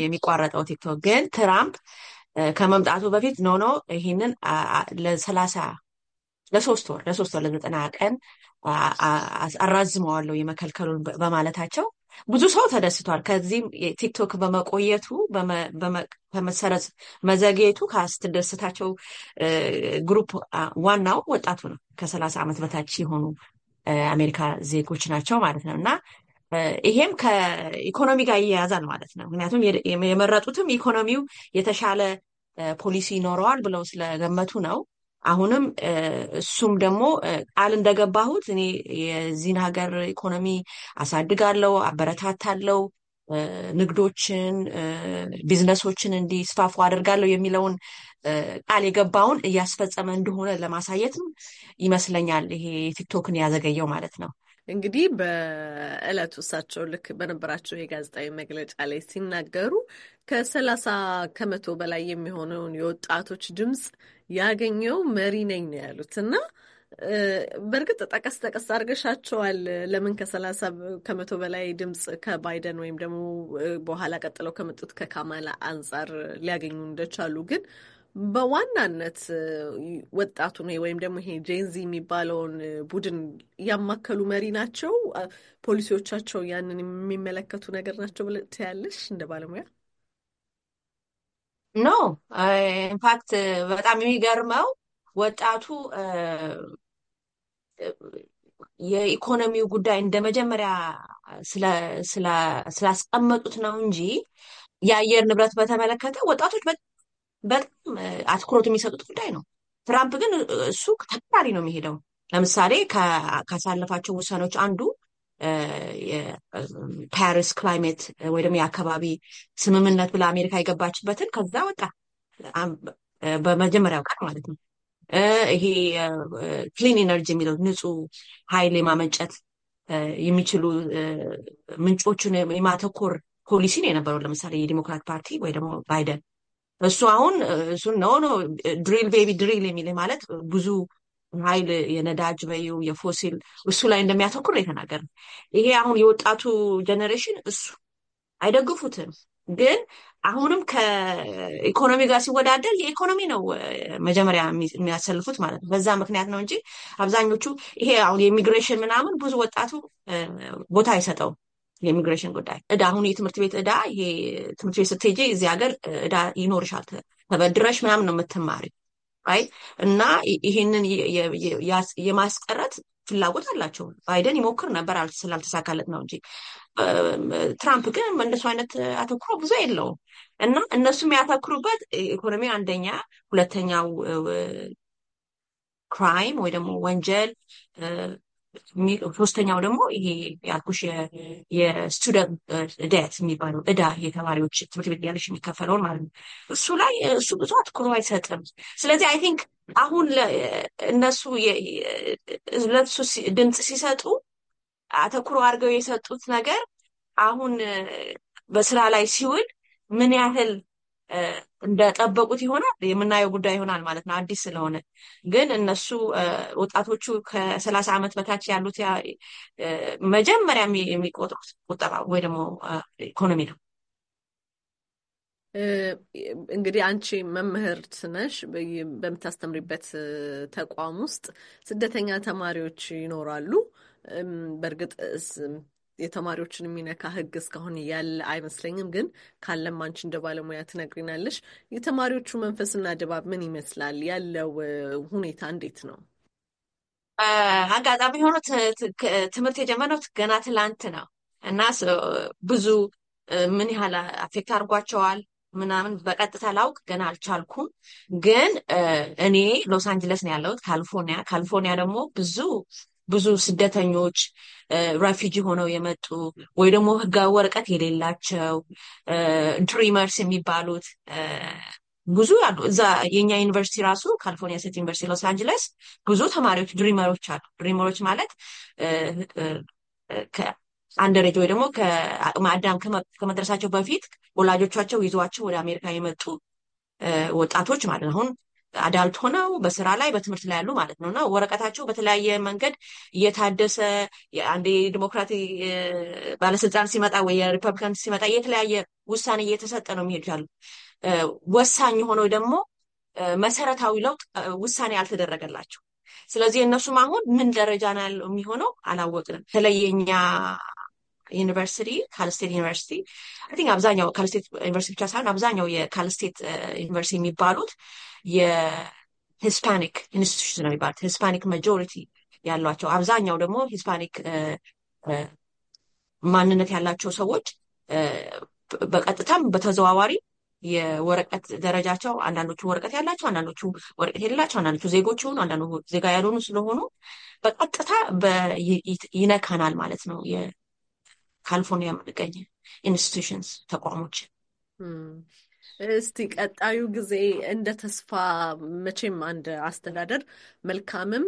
የሚቋረጠው ቲክቶክ ግን ትራምፕ ከመምጣቱ በፊት ኖ ኖ ይህንን ለሰላሳ ለሶስት ወር ለሶስት ወር ለዘጠና ቀን አራዝመዋለሁ የመከልከሉን በማለታቸው ብዙ ሰው ተደስቷል። ከዚህም ቲክቶክ በመቆየቱ በመሰረዝ መዘግየቱ ካስደሰታቸው ግሩፕ ዋናው ወጣቱ ነው። ከሰላሳ ዓመት በታች የሆኑ አሜሪካ ዜጎች ናቸው ማለት ነው እና ይሄም ከኢኮኖሚ ጋር እያያዛል ማለት ነው። ምክንያቱም የመረጡትም ኢኮኖሚው የተሻለ ፖሊሲ ይኖረዋል ብለው ስለገመቱ ነው። አሁንም እሱም ደግሞ ቃል እንደገባሁት እኔ የዚህን ሀገር ኢኮኖሚ አሳድጋለው፣ አበረታታለው፣ ንግዶችን፣ ቢዝነሶችን እንዲስፋፉ አደርጋለሁ የሚለውን ቃል የገባውን እያስፈጸመ እንደሆነ ለማሳየትም ይመስለኛል ይሄ ቲክቶክን ያዘገየው ማለት ነው። እንግዲህ በእለቱ እሳቸው ልክ በነበራቸው የጋዜጣዊ መግለጫ ላይ ሲናገሩ ከሰላሳ ከመቶ በላይ የሚሆነውን የወጣቶች ድምፅ ያገኘው መሪ ነኝ ነው ያሉት እና በእርግጥ ጠቀስ ጠቀስ አድርገሻቸዋል። ለምን ከሰላሳ ከመቶ በላይ ድምፅ ከባይደን ወይም ደግሞ በኋላ ቀጥለው ከመጡት ከካማላ አንጻር ሊያገኙ እንደቻሉ ግን በዋናነት ወጣቱን ወይም ደግሞ ይሄ ጄንዚ የሚባለውን ቡድን ያማከሉ መሪ ናቸው። ፖሊሲዎቻቸው ያንን የሚመለከቱ ነገር ናቸው ብለህ ትያለሽ እንደ ባለሙያ? ኖ ኢንፋክት በጣም የሚገርመው ወጣቱ የኢኮኖሚው ጉዳይ እንደ መጀመሪያ ስላስቀመጡት ነው እንጂ የአየር ንብረት በተመለከተ ወጣቶች በጣም አትኩሮት የሚሰጡት ጉዳይ ነው። ትራምፕ ግን እሱ ተቃራኒ ነው የሚሄደው። ለምሳሌ ካሳለፋቸው ውሳኔዎች አንዱ የፓሪስ ክላይሜት ወይ ደግሞ የአካባቢ ስምምነት ብላ አሜሪካ የገባችበትን ከዛ ወጣ በመጀመሪያው ቀን ማለት ነው። ይሄ ክሊን ኤነርጂ የሚለው ንጹህ ኃይል የማመንጨት የሚችሉ ምንጮቹን የማተኮር ፖሊሲ ነው የነበረው። ለምሳሌ የዲሞክራት ፓርቲ ወይ ደግሞ ባይደን እሱ አሁን እሱን ነው ነው ድሪል ቤቢ ድሪል የሚል ማለት ብዙ ኃይል የነዳጅ በዩ የፎሲል እሱ ላይ እንደሚያተኩር የተናገር ይሄ አሁን የወጣቱ ጀኔሬሽን እሱ አይደግፉትም። ግን አሁንም ከኢኮኖሚ ጋር ሲወዳደር የኢኮኖሚ ነው መጀመሪያ የሚያሰልፉት ማለት ነው። በዛ ምክንያት ነው እንጂ አብዛኞቹ ይሄ አሁን የኢሚግሬሽን ምናምን ብዙ ወጣቱ ቦታ አይሰጠውም። የኢሚግሬሽን ጉዳይ እዳ አሁን የትምህርት ቤት እዳ ይሄ ትምህርት ቤት ስትሄጂ እዚህ ሀገር እዳ ይኖርሻል ተበድረሽ ምናምን ነው የምትማሪ ራይት እና ይህንን የማስቀረት ፍላጎት አላቸው። ባይደን ይሞክር ነበር ስላልተሳካለት ነው እንጂ ትራምፕ ግን እንደሱ አይነት አተኩሮ ብዙ የለውም እና እነሱ የሚያተኩሩበት ኢኮኖሚ አንደኛ፣ ሁለተኛው ክራይም ወይ ደግሞ ወንጀል ሶስተኛው ደግሞ ይሄ ያልኩሽ የስቱደንት ደት የሚባለው እዳ የተማሪዎች ትምህርት ቤት ያለሽ የሚከፈለውን ማለት ነው። እሱ ላይ እሱ ብዙ አትኩሮ አይሰጥም። ስለዚህ አይ ቲንክ አሁን እነሱ ለሱ ድምፅ ሲሰጡ አተኩሮ አድርገው የሰጡት ነገር አሁን በስራ ላይ ሲውል ምን ያህል እንደጠበቁት ይሆናል የምናየው ጉዳይ ይሆናል ማለት ነው። አዲስ ስለሆነ ግን እነሱ ወጣቶቹ ከሰላሳ ዓመት በታች ያሉት መጀመሪያ የሚቆጥሩት ቁጠባ ወይ ደግሞ ኢኮኖሚ ነው። እንግዲህ አንቺ መምህርት ነሽ። በምታስተምሪበት ተቋም ውስጥ ስደተኛ ተማሪዎች ይኖራሉ። በእርግጥ የተማሪዎችን የሚነካ ህግ እስካሁን ያለ አይመስለኝም። ግን ካለም አንቺ እንደ ባለሙያ ትነግሪናለሽ። የተማሪዎቹ መንፈስና ድባብ ምን ይመስላል? ያለው ሁኔታ እንዴት ነው? አጋጣሚ ሆኖ ትምህርት የጀመረው ገና ትላንት ነው እና ብዙ ምን ያህል አፌክት አድርጓቸዋል ምናምን በቀጥታ ላውቅ ገና አልቻልኩም። ግን እኔ ሎስ አንጀለስ ነው ያለሁት ካሊፎርኒያ። ካሊፎርኒያ ደግሞ ብዙ ብዙ ስደተኞች ራፊጂ ሆነው የመጡ ወይ ደግሞ ህጋዊ ወረቀት የሌላቸው ድሪመርስ የሚባሉት ብዙ አሉ። እዛ የኛ ዩኒቨርሲቲ ራሱ ካሊፎርኒያ ስቴት ዩኒቨርሲቲ ሎስ አንጀለስ ብዙ ተማሪዎች ድሪመሮች አሉ። ድሪመሮች ማለት አንድ አንደረጅ ወይ ደግሞ ማዳም ከመድረሳቸው በፊት ወላጆቻቸው ይዟቸው ወደ አሜሪካ የመጡ ወጣቶች ማለት አሁን አዳልት ሆነው በስራ ላይ በትምህርት ላይ ያሉ ማለት ነው እና ወረቀታቸው በተለያየ መንገድ እየታደሰ አንዴ ዲሞክራቲ ባለስልጣን ሲመጣ ወይ የሪፐብሊካን ሲመጣ የተለያየ ውሳኔ እየተሰጠ ነው የሚሄዱ ያሉ ወሳኝ ሆነው ደግሞ መሰረታዊ ለውጥ ውሳኔ አልተደረገላቸው። ስለዚህ እነሱም አሁን ምን ደረጃ ነው የሚሆነው አላወቅንም። በተለይ የኛ ዩኒቨርሲቲ ካልስቴት ዩኒቨርሲቲ አይ ቲንክ አብዛኛው ካልስቴት ዩኒቨርሲቲ ብቻ ሳይሆን አብዛኛው የካልስቴት ዩኒቨርሲቲ የሚባሉት የሂስፓኒክ ኢንስቲቱሽን ነው የሚባሉት ሂስፓኒክ ማጆሪቲ ያሏቸው አብዛኛው ደግሞ ሂስፓኒክ ማንነት ያላቸው ሰዎች በቀጥታም በተዘዋዋሪ የወረቀት ደረጃቸው አንዳንዶቹ ወረቀት ያላቸው፣ አንዳንዶቹ ወረቀት የሌላቸው፣ አንዳንዶቹ ዜጎች ሆኑ፣ አንዳንዱ ዜጋ ያልሆኑ ስለሆኑ በቀጥታ ይነካናል ማለት ነው ካሊፎርኒያ የምንገኘ ኢንስቲቱሽንስ ተቋሞች። እስቲ ቀጣዩ ጊዜ እንደ ተስፋ መቼም አንድ አስተዳደር መልካምም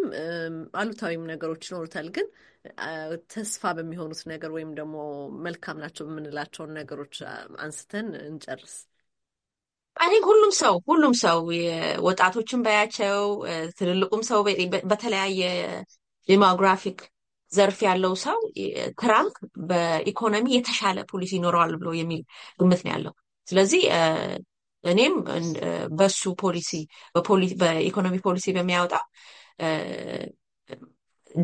አሉታዊም ነገሮች ይኖሩታል። ግን ተስፋ በሚሆኑት ነገር ወይም ደግሞ መልካም ናቸው የምንላቸውን ነገሮች አንስተን እንጨርስ። እኔ ሁሉም ሰው ሁሉም ሰው ወጣቶችን በያቸው ትልልቁም ሰው በተለያየ ዲሞግራፊክ ዘርፍ ያለው ሰው ትራምፕ በኢኮኖሚ የተሻለ ፖሊሲ ይኖረዋል ብሎ የሚል ግምት ነው ያለው። ስለዚህ እኔም በሱ ፖሊሲ በኢኮኖሚ ፖሊሲ በሚያወጣው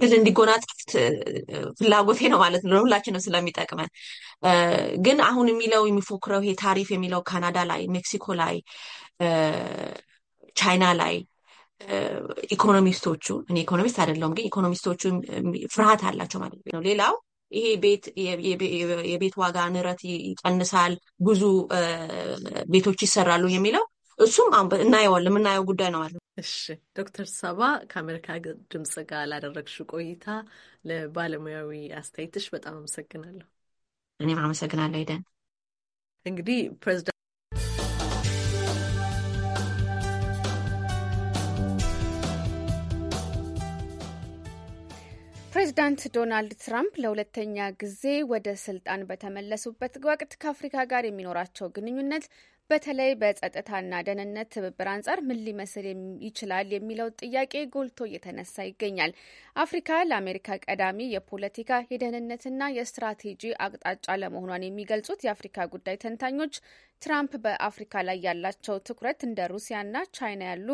ድል እንዲጎናጸፍ ፍላጎቴ ነው ማለት ነው። ለሁላችንም ስለሚጠቅመን ግን አሁን የሚለው የሚፎክረው ይሄ ታሪፍ የሚለው ካናዳ ላይ፣ ሜክሲኮ ላይ፣ ቻይና ላይ ኢኮኖሚስቶቹ እኔ ኢኮኖሚስት አይደለውም ግን ኢኮኖሚስቶቹ ፍርሃት አላቸው ማለት ነው። ሌላው ይሄ ቤት የቤት ዋጋ ንረት ይቀንሳል፣ ብዙ ቤቶች ይሰራሉ የሚለው እሱም እናየዋለን የምናየው ጉዳይ ነው ማለት ነው። እሺ ዶክተር ሰባ ከአሜሪካ ድምፅ ጋር ላደረግሽው ቆይታ ለባለሙያዊ አስተያየትሽ በጣም አመሰግናለሁ። እኔም አመሰግናለሁ። ሄደን እንግዲህ ፕሬዚዳንት ፕሬዚዳንት ዶናልድ ትራምፕ ለሁለተኛ ጊዜ ወደ ስልጣን በተመለሱበት ወቅት ከአፍሪካ ጋር የሚኖራቸው ግንኙነት በተለይ በጸጥታና ደህንነት ትብብር አንጻር ምን ሊመስል ይችላል የሚለው ጥያቄ ጎልቶ እየተነሳ ይገኛል። አፍሪካ ለአሜሪካ ቀዳሚ የፖለቲካ የደህንነትና የስትራቴጂ አቅጣጫ ለመሆኗን የሚገልጹት የአፍሪካ ጉዳይ ተንታኞች ትራምፕ በአፍሪካ ላይ ያላቸው ትኩረት እንደ ሩሲያና ቻይና ያሉ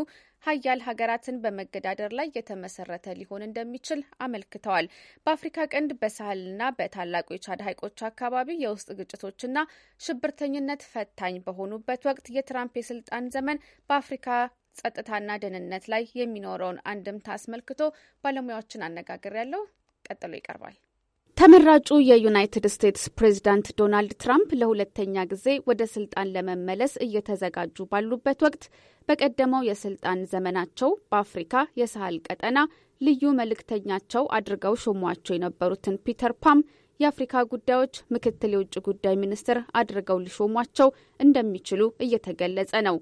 ሀያል ሀገራትን በመገዳደር ላይ የተመሰረተ ሊሆን እንደሚችል አመልክተዋል። በአፍሪካ ቀንድ በሳህልና በታላቁ የቻድ ሀይቆች አካባቢ የውስጥ ግጭቶችና ሽብርተኝነት ፈታኝ በሆኑ በሚያደርጉበት ወቅት የትራምፕ የስልጣን ዘመን በአፍሪካ ጸጥታና ደህንነት ላይ የሚኖረውን አንድምታ አስመልክቶ ባለሙያዎችን አነጋገር ያለው ቀጥሎ ይቀርባል። ተመራጩ የዩናይትድ ስቴትስ ፕሬዚዳንት ዶናልድ ትራምፕ ለሁለተኛ ጊዜ ወደ ስልጣን ለመመለስ እየተዘጋጁ ባሉበት ወቅት በቀደመው የስልጣን ዘመናቸው በአፍሪካ የሳህል ቀጠና ልዩ መልእክተኛቸው አድርገው ሾሟቸው የነበሩትን ፒተር ፓም የአፍሪካ ጉዳዮች ምክትል የውጭ ጉዳይ ሚኒስትር አድርገው ሊሾሟቸው እንደሚችሉ እየተገለጸ ነው።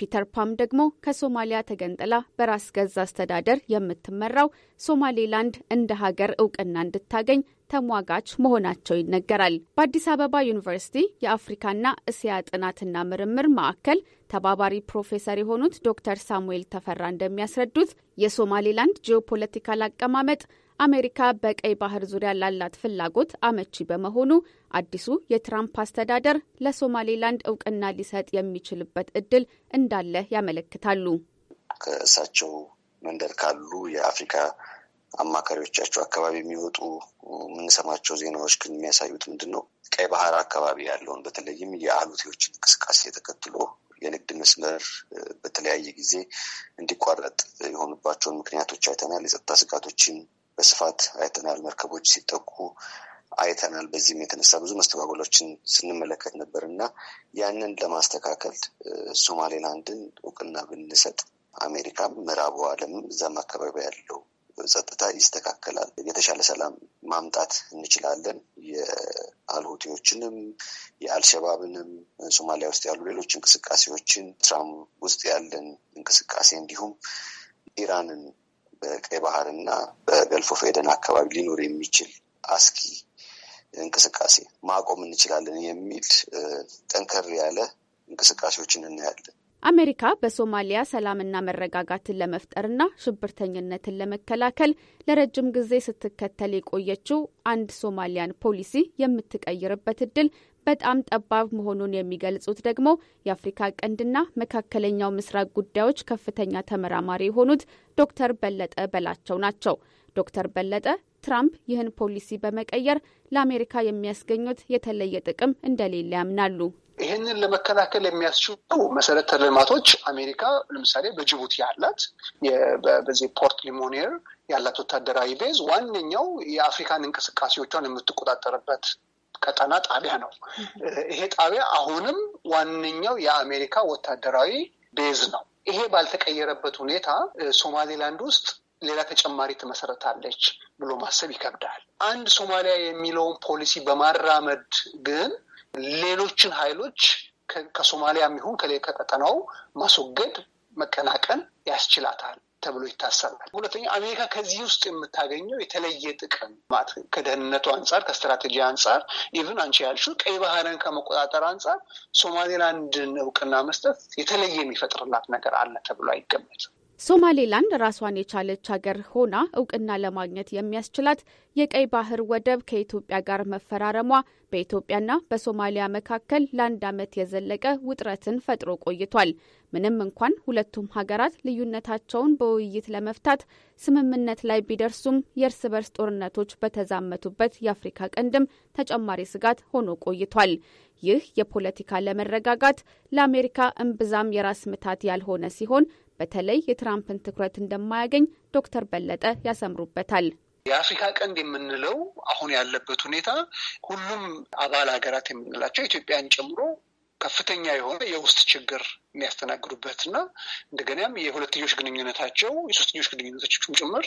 ፒተር ፓም ደግሞ ከሶማሊያ ተገንጥላ በራስ ገዝ አስተዳደር የምትመራው ሶማሌላንድ እንደ ሀገር እውቅና እንድታገኝ ተሟጋች መሆናቸው ይነገራል። በአዲስ አበባ ዩኒቨርሲቲ የአፍሪካና እስያ ጥናትና ምርምር ማዕከል ተባባሪ ፕሮፌሰር የሆኑት ዶክተር ሳሙኤል ተፈራ እንደሚያስረዱት የሶማሌላንድ ጂኦፖለቲካል አቀማመጥ አሜሪካ በቀይ ባህር ዙሪያ ላላት ፍላጎት አመቺ በመሆኑ አዲሱ የትራምፕ አስተዳደር ለሶማሌላንድ እውቅና ሊሰጥ የሚችልበት እድል እንዳለ ያመለክታሉ። ከእሳቸው መንደር ካሉ የአፍሪካ አማካሪዎቻቸው አካባቢ የሚወጡ የምንሰማቸው ዜናዎች ግን የሚያሳዩት ምንድን ነው? ቀይ ባህር አካባቢ ያለውን በተለይም የሁቲዎች እንቅስቃሴ ተከትሎ የንግድ መስመር በተለያየ ጊዜ እንዲቋረጥ የሆኑባቸውን ምክንያቶች አይተናል። የጸጥታ ስጋቶችን በስፋት አይተናል። መርከቦች ሲጠቁ አይተናል። በዚህም የተነሳ ብዙ መስተጓጎሎችን ስንመለከት ነበር እና ያንን ለማስተካከል ሶማሌላንድን እውቅና ብንሰጥ አሜሪካም ምዕራቡ ዓለም እዛም አካባቢ ያለው ጸጥታ ይስተካከላል። የተሻለ ሰላም ማምጣት እንችላለን። የአልሁቲዎችንም የአልሸባብንም ሶማሊያ ውስጥ ያሉ ሌሎች እንቅስቃሴዎችን ትራም ውስጥ ያለን እንቅስቃሴ እንዲሁም ኢራንን በቀይ ባህር እና በገልፎ ፌደን አካባቢ ሊኖር የሚችል አስኪ እንቅስቃሴ ማቆም እንችላለን የሚል ጠንከር ያለ እንቅስቃሴዎችን እናያለን። አሜሪካ በሶማሊያ ሰላምና መረጋጋትን ለመፍጠርና ሽብርተኝነትን ለመከላከል ለረጅም ጊዜ ስትከተል የቆየችው አንድ ሶማሊያን ፖሊሲ የምትቀይርበት እድል በጣም ጠባብ መሆኑን የሚገልጹት ደግሞ የአፍሪካ ቀንድና መካከለኛው ምስራቅ ጉዳዮች ከፍተኛ ተመራማሪ የሆኑት ዶክተር በለጠ በላቸው ናቸው። ዶክተር በለጠ ትራምፕ ይህን ፖሊሲ በመቀየር ለአሜሪካ የሚያስገኙት የተለየ ጥቅም እንደሌለ ያምናሉ። ይህንን ለመከላከል የሚያስችሉ መሰረተ ልማቶች አሜሪካ ለምሳሌ በጅቡቲ ያላት በዚህ ፖርት ሊሞኔር ያላት ወታደራዊ ቤዝ ዋነኛው የአፍሪካን እንቅስቃሴዎቿን የምትቆጣጠርበት ቀጠና ጣቢያ ነው። ይሄ ጣቢያ አሁንም ዋነኛው የአሜሪካ ወታደራዊ ቤዝ ነው። ይሄ ባልተቀየረበት ሁኔታ ሶማሌላንድ ውስጥ ሌላ ተጨማሪ ትመሰረታለች ብሎ ማሰብ ይከብዳል። አንድ ሶማሊያ የሚለውን ፖሊሲ በማራመድ ግን ሌሎችን ኃይሎች ከሶማሊያ የሚሆን ከቀጠናው ማስወገድ መቀናቀን ያስችላታል። ተብሎ ይታሰባል። ሁለተኛ አሜሪካ ከዚህ ውስጥ የምታገኘው የተለየ ጥቅም ከደህንነቱ አንጻር፣ ከስትራቴጂ አንጻር ኢቭን አንቺ ያልሽው ቀይ ባህርን ከመቆጣጠር አንጻር ሶማሌላንድን እውቅና መስጠት የተለየ የሚፈጥርላት ነገር አለ ተብሎ አይገመትም። ሶማሌላንድ ራሷን የቻለች ሀገር ሆና እውቅና ለማግኘት የሚያስችላት የቀይ ባህር ወደብ ከኢትዮጵያ ጋር መፈራረሟ በኢትዮጵያና በሶማሊያ መካከል ለአንድ ዓመት የዘለቀ ውጥረትን ፈጥሮ ቆይቷል። ምንም እንኳን ሁለቱም ሀገራት ልዩነታቸውን በውይይት ለመፍታት ስምምነት ላይ ቢደርሱም የእርስ በርስ ጦርነቶች በተዛመቱበት የአፍሪካ ቀንድም ተጨማሪ ስጋት ሆኖ ቆይቷል። ይህ የፖለቲካ ለመረጋጋት ለአሜሪካ እምብዛም የራስ ምታት ያልሆነ ሲሆን በተለይ የትራምፕን ትኩረት እንደማያገኝ ዶክተር በለጠ ያሰምሩበታል። የአፍሪካ ቀንድ የምንለው አሁን ያለበት ሁኔታ ሁሉም አባል ሀገራት የምንላቸው ኢትዮጵያን ጨምሮ ከፍተኛ የሆነ የውስጥ ችግር የሚያስተናግዱበት እና እንደገናም የሁለትዮሽ ግንኙነታቸው የሶስትዮሽ ግንኙነቶችም ጭምር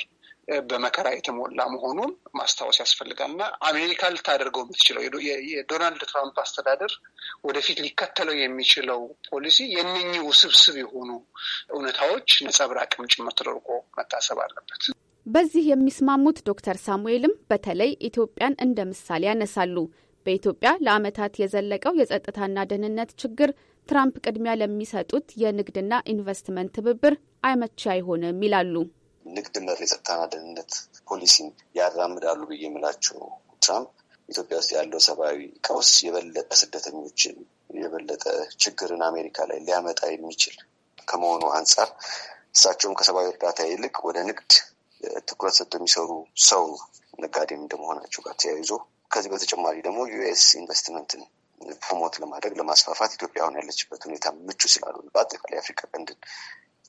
በመከራ የተሞላ መሆኑን ማስታወስ ያስፈልጋል እና አሜሪካ ልታደርገው የምትችለው የዶናልድ ትራምፕ አስተዳደር ወደፊት ሊከተለው የሚችለው ፖሊሲ የእነኚህ ውስብስብ የሆኑ እውነታዎች ነጸብራቅም ጭምር ተደርጎ መታሰብ አለበት። በዚህ የሚስማሙት ዶክተር ሳሙኤልም በተለይ ኢትዮጵያን እንደ ምሳሌ ያነሳሉ። በኢትዮጵያ ለዓመታት የዘለቀው የጸጥታና ደህንነት ችግር ትራምፕ ቅድሚያ ለሚሰጡት የንግድና ኢንቨስትመንት ትብብር አይመቻ አይሆንም ይላሉ። ንግድ መር የጸጥታና ደህንነት ፖሊሲን ያራምዳሉ ብዬ የምላቸው ትራምፕ ኢትዮጵያ ውስጥ ያለው ሰብአዊ ቀውስ የበለጠ ስደተኞችን የበለጠ ችግርን አሜሪካ ላይ ሊያመጣ የሚችል ከመሆኑ አንጻር እሳቸውም ከሰብአዊ እርዳታ ይልቅ ወደ ንግድ ትኩረት ሰጥቶ የሚሰሩ ሰው ነጋዴም እንደመሆናቸው ጋር ተያይዞ ከዚህ በተጨማሪ ደግሞ ዩኤስ ኢንቨስትመንትን ፕሮሞት ለማድረግ ለማስፋፋት ኢትዮጵያ አሁን ያለችበት ሁኔታ ምቹ ስላሉ በአጠቃላይ የአፍሪካ ቀንድን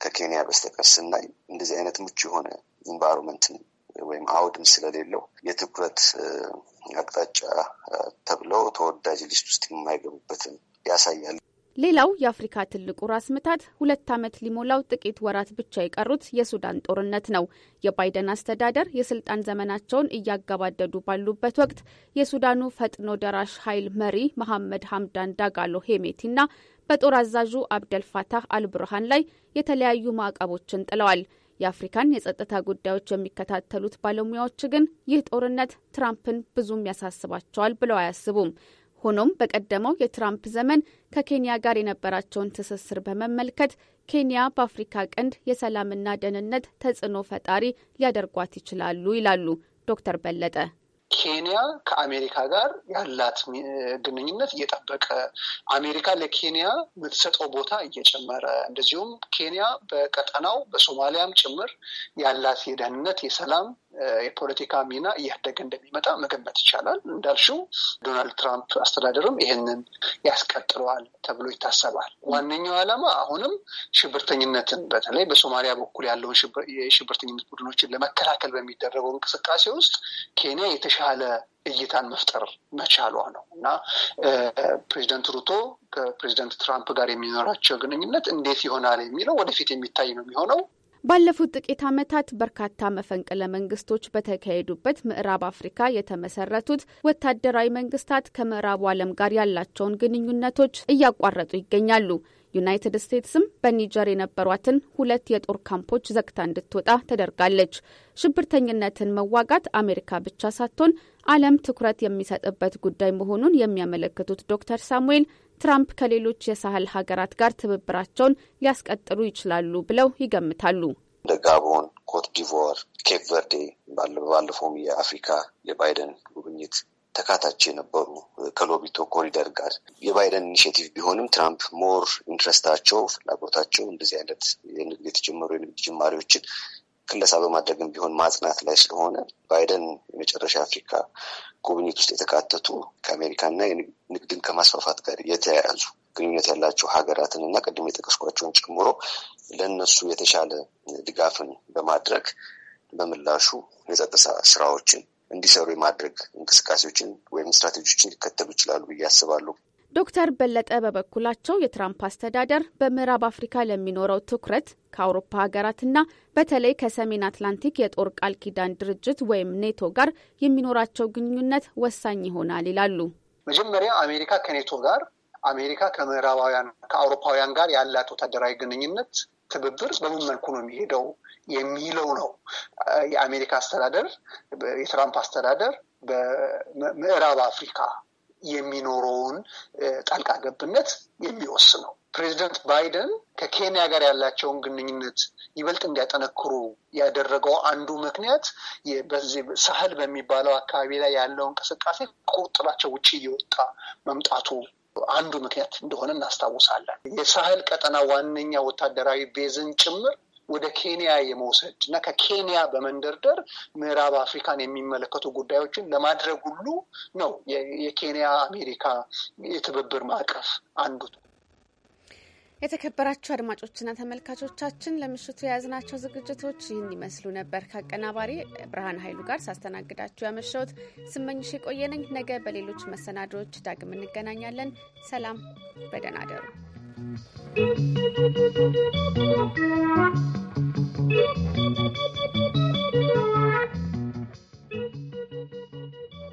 ከኬንያ በስተቀር ስናይ እንደዚህ አይነት ምቹ የሆነ ኢንቫይሮንመንትን ወይም አውድም ስለሌለው የትኩረት አቅጣጫ ተብለው ተወዳጅ ሊስት ውስጥ የማይገቡበትን ያሳያል። ሌላው የአፍሪካ ትልቁ ራስ ምታት ሁለት ዓመት ሊሞላው ጥቂት ወራት ብቻ የቀሩት የሱዳን ጦርነት ነው። የባይደን አስተዳደር የስልጣን ዘመናቸውን እያገባደዱ ባሉበት ወቅት የሱዳኑ ፈጥኖ ደራሽ ኃይል መሪ መሐመድ ሐምዳን ዳጋሎ ሄሜቲና በጦር አዛዡ አብደል ፋታህ አልብርሃን ላይ የተለያዩ ማዕቀቦችን ጥለዋል። የአፍሪካን የጸጥታ ጉዳዮች የሚከታተሉት ባለሙያዎች ግን ይህ ጦርነት ትራምፕን ብዙም ያሳስባቸዋል ብለው አያስቡም። ሆኖም በቀደመው የትራምፕ ዘመን ከኬንያ ጋር የነበራቸውን ትስስር በመመልከት ኬንያ በአፍሪካ ቀንድ የሰላምና ደህንነት ተጽዕኖ ፈጣሪ ሊያደርጓት ይችላሉ ይላሉ ዶክተር በለጠ። ኬንያ ከአሜሪካ ጋር ያላት ግንኙነት እየጠበቀ አሜሪካ ለኬንያ የምትሰጠው ቦታ እየጨመረ እንደዚሁም ኬንያ በቀጠናው በሶማሊያም ጭምር ያላት የደህንነት የሰላም የፖለቲካ ሚና እያደገ እንደሚመጣ መገመት ይቻላል። እንዳልሽው ዶናልድ ትራምፕ አስተዳደርም ይህንን ያስቀጥለዋል ተብሎ ይታሰባል። ዋነኛው ዓላማ አሁንም ሽብርተኝነትን በተለይ በሶማሊያ በኩል ያለውን የሽብርተኝነት ቡድኖችን ለመከላከል በሚደረገው እንቅስቃሴ ውስጥ ኬንያ የተሻለ እይታን መፍጠር መቻሏ ነው እና ፕሬዚደንት ሩቶ ከፕሬዚደንት ትራምፕ ጋር የሚኖራቸው ግንኙነት እንዴት ይሆናል የሚለው ወደፊት የሚታይ ነው የሚሆነው። ባለፉት ጥቂት ዓመታት በርካታ መፈንቅለ መንግስቶች በተካሄዱበት ምዕራብ አፍሪካ የተመሰረቱት ወታደራዊ መንግስታት ከምዕራቡ ዓለም ጋር ያላቸውን ግንኙነቶች እያቋረጡ ይገኛሉ። ዩናይትድ ስቴትስም በኒጀር የነበሯትን ሁለት የጦር ካምፖች ዘግታ እንድትወጣ ተደርጋለች። ሽብርተኝነትን መዋጋት አሜሪካ ብቻ ሳትሆን ዓለም ትኩረት የሚሰጥበት ጉዳይ መሆኑን የሚያመለክቱት ዶክተር ሳሙኤል ትራምፕ ከሌሎች የሳህል ሀገራት ጋር ትብብራቸውን ሊያስቀጥሉ ይችላሉ ብለው ይገምታሉ። እንደ ጋቦን፣ ኮትዲቮር፣ ኬፕ ቨርዴ ባለፈውም የአፍሪካ የባይደን ጉብኝት ተካታች የነበሩ ከሎቢቶ ኮሪደር ጋር የባይደን ኢኒሽቲቭ ቢሆንም ትራምፕ ሞር ኢንትረስታቸው ፍላጎታቸው እንደዚህ አይነት የንግድ የተጀመሩ የንግድ ጅማሬዎችን ክለሳ በማድረግም ቢሆን ማጽናት ላይ ስለሆነ ባይደን የመጨረሻ አፍሪካ ጉብኝት ውስጥ የተካተቱ ከአሜሪካና ንግድን ከማስፋፋት ጋር የተያያዙ ግንኙነት ያላቸው ሀገራትን እና ቅድም የጠቀስኳቸውን ጨምሮ ለእነሱ የተሻለ ድጋፍን በማድረግ በምላሹ የጸጥታ ስራዎችን እንዲሰሩ የማድረግ እንቅስቃሴዎችን ወይም ስትራቴጂዎችን ሊከተሉ ይችላሉ ብዬ አስባለሁ። ዶክተር በለጠ በበኩላቸው የትራምፕ አስተዳደር በምዕራብ አፍሪካ ለሚኖረው ትኩረት ከአውሮፓ ሀገራትና በተለይ ከሰሜን አትላንቲክ የጦር ቃል ኪዳን ድርጅት ወይም ኔቶ ጋር የሚኖራቸው ግንኙነት ወሳኝ ይሆናል ይላሉ። መጀመሪያ አሜሪካ ከኔቶ ጋር አሜሪካ ከምዕራባውያን ከአውሮፓውያን ጋር ያላት ወታደራዊ ግንኙነት ትብብር በምን መልኩ ነው የሚሄደው የሚለው ነው የአሜሪካ አስተዳደር የትራምፕ አስተዳደር በምዕራብ አፍሪካ የሚኖረውን ጣልቃ ገብነት የሚወስነው። ፕሬዚደንት ባይደን ከኬንያ ጋር ያላቸውን ግንኙነት ይበልጥ እንዲያጠነክሩ ያደረገው አንዱ ምክንያት በዚህ ሳህል በሚባለው አካባቢ ላይ ያለው እንቅስቃሴ ቁጥራቸው ውጭ እየወጣ መምጣቱ አንዱ ምክንያት እንደሆነ እናስታውሳለን። የሳህል ቀጠና ዋነኛ ወታደራዊ ቤዝን ጭምር ወደ ኬንያ የመውሰድ እና ከኬንያ በመንደርደር ምዕራብ አፍሪካን የሚመለከቱ ጉዳዮችን ለማድረግ ሁሉ ነው የኬንያ አሜሪካ የትብብር ማዕቀፍ አንዱ። የተከበራችሁ አድማጮችና ተመልካቾቻችን ለምሽቱ የያዝናቸው ዝግጅቶች ይህን ይመስሉ ነበር። ከአቀናባሪ ብርሃን ኃይሉ ጋር ሳስተናግዳችሁ ያመሸሁት ስመኝሽ የቆየነኝ። ነገ በሌሎች መሰናዶዎች ዳግም እንገናኛለን። ሰላም፣ በደህና አደሩ። Thank you.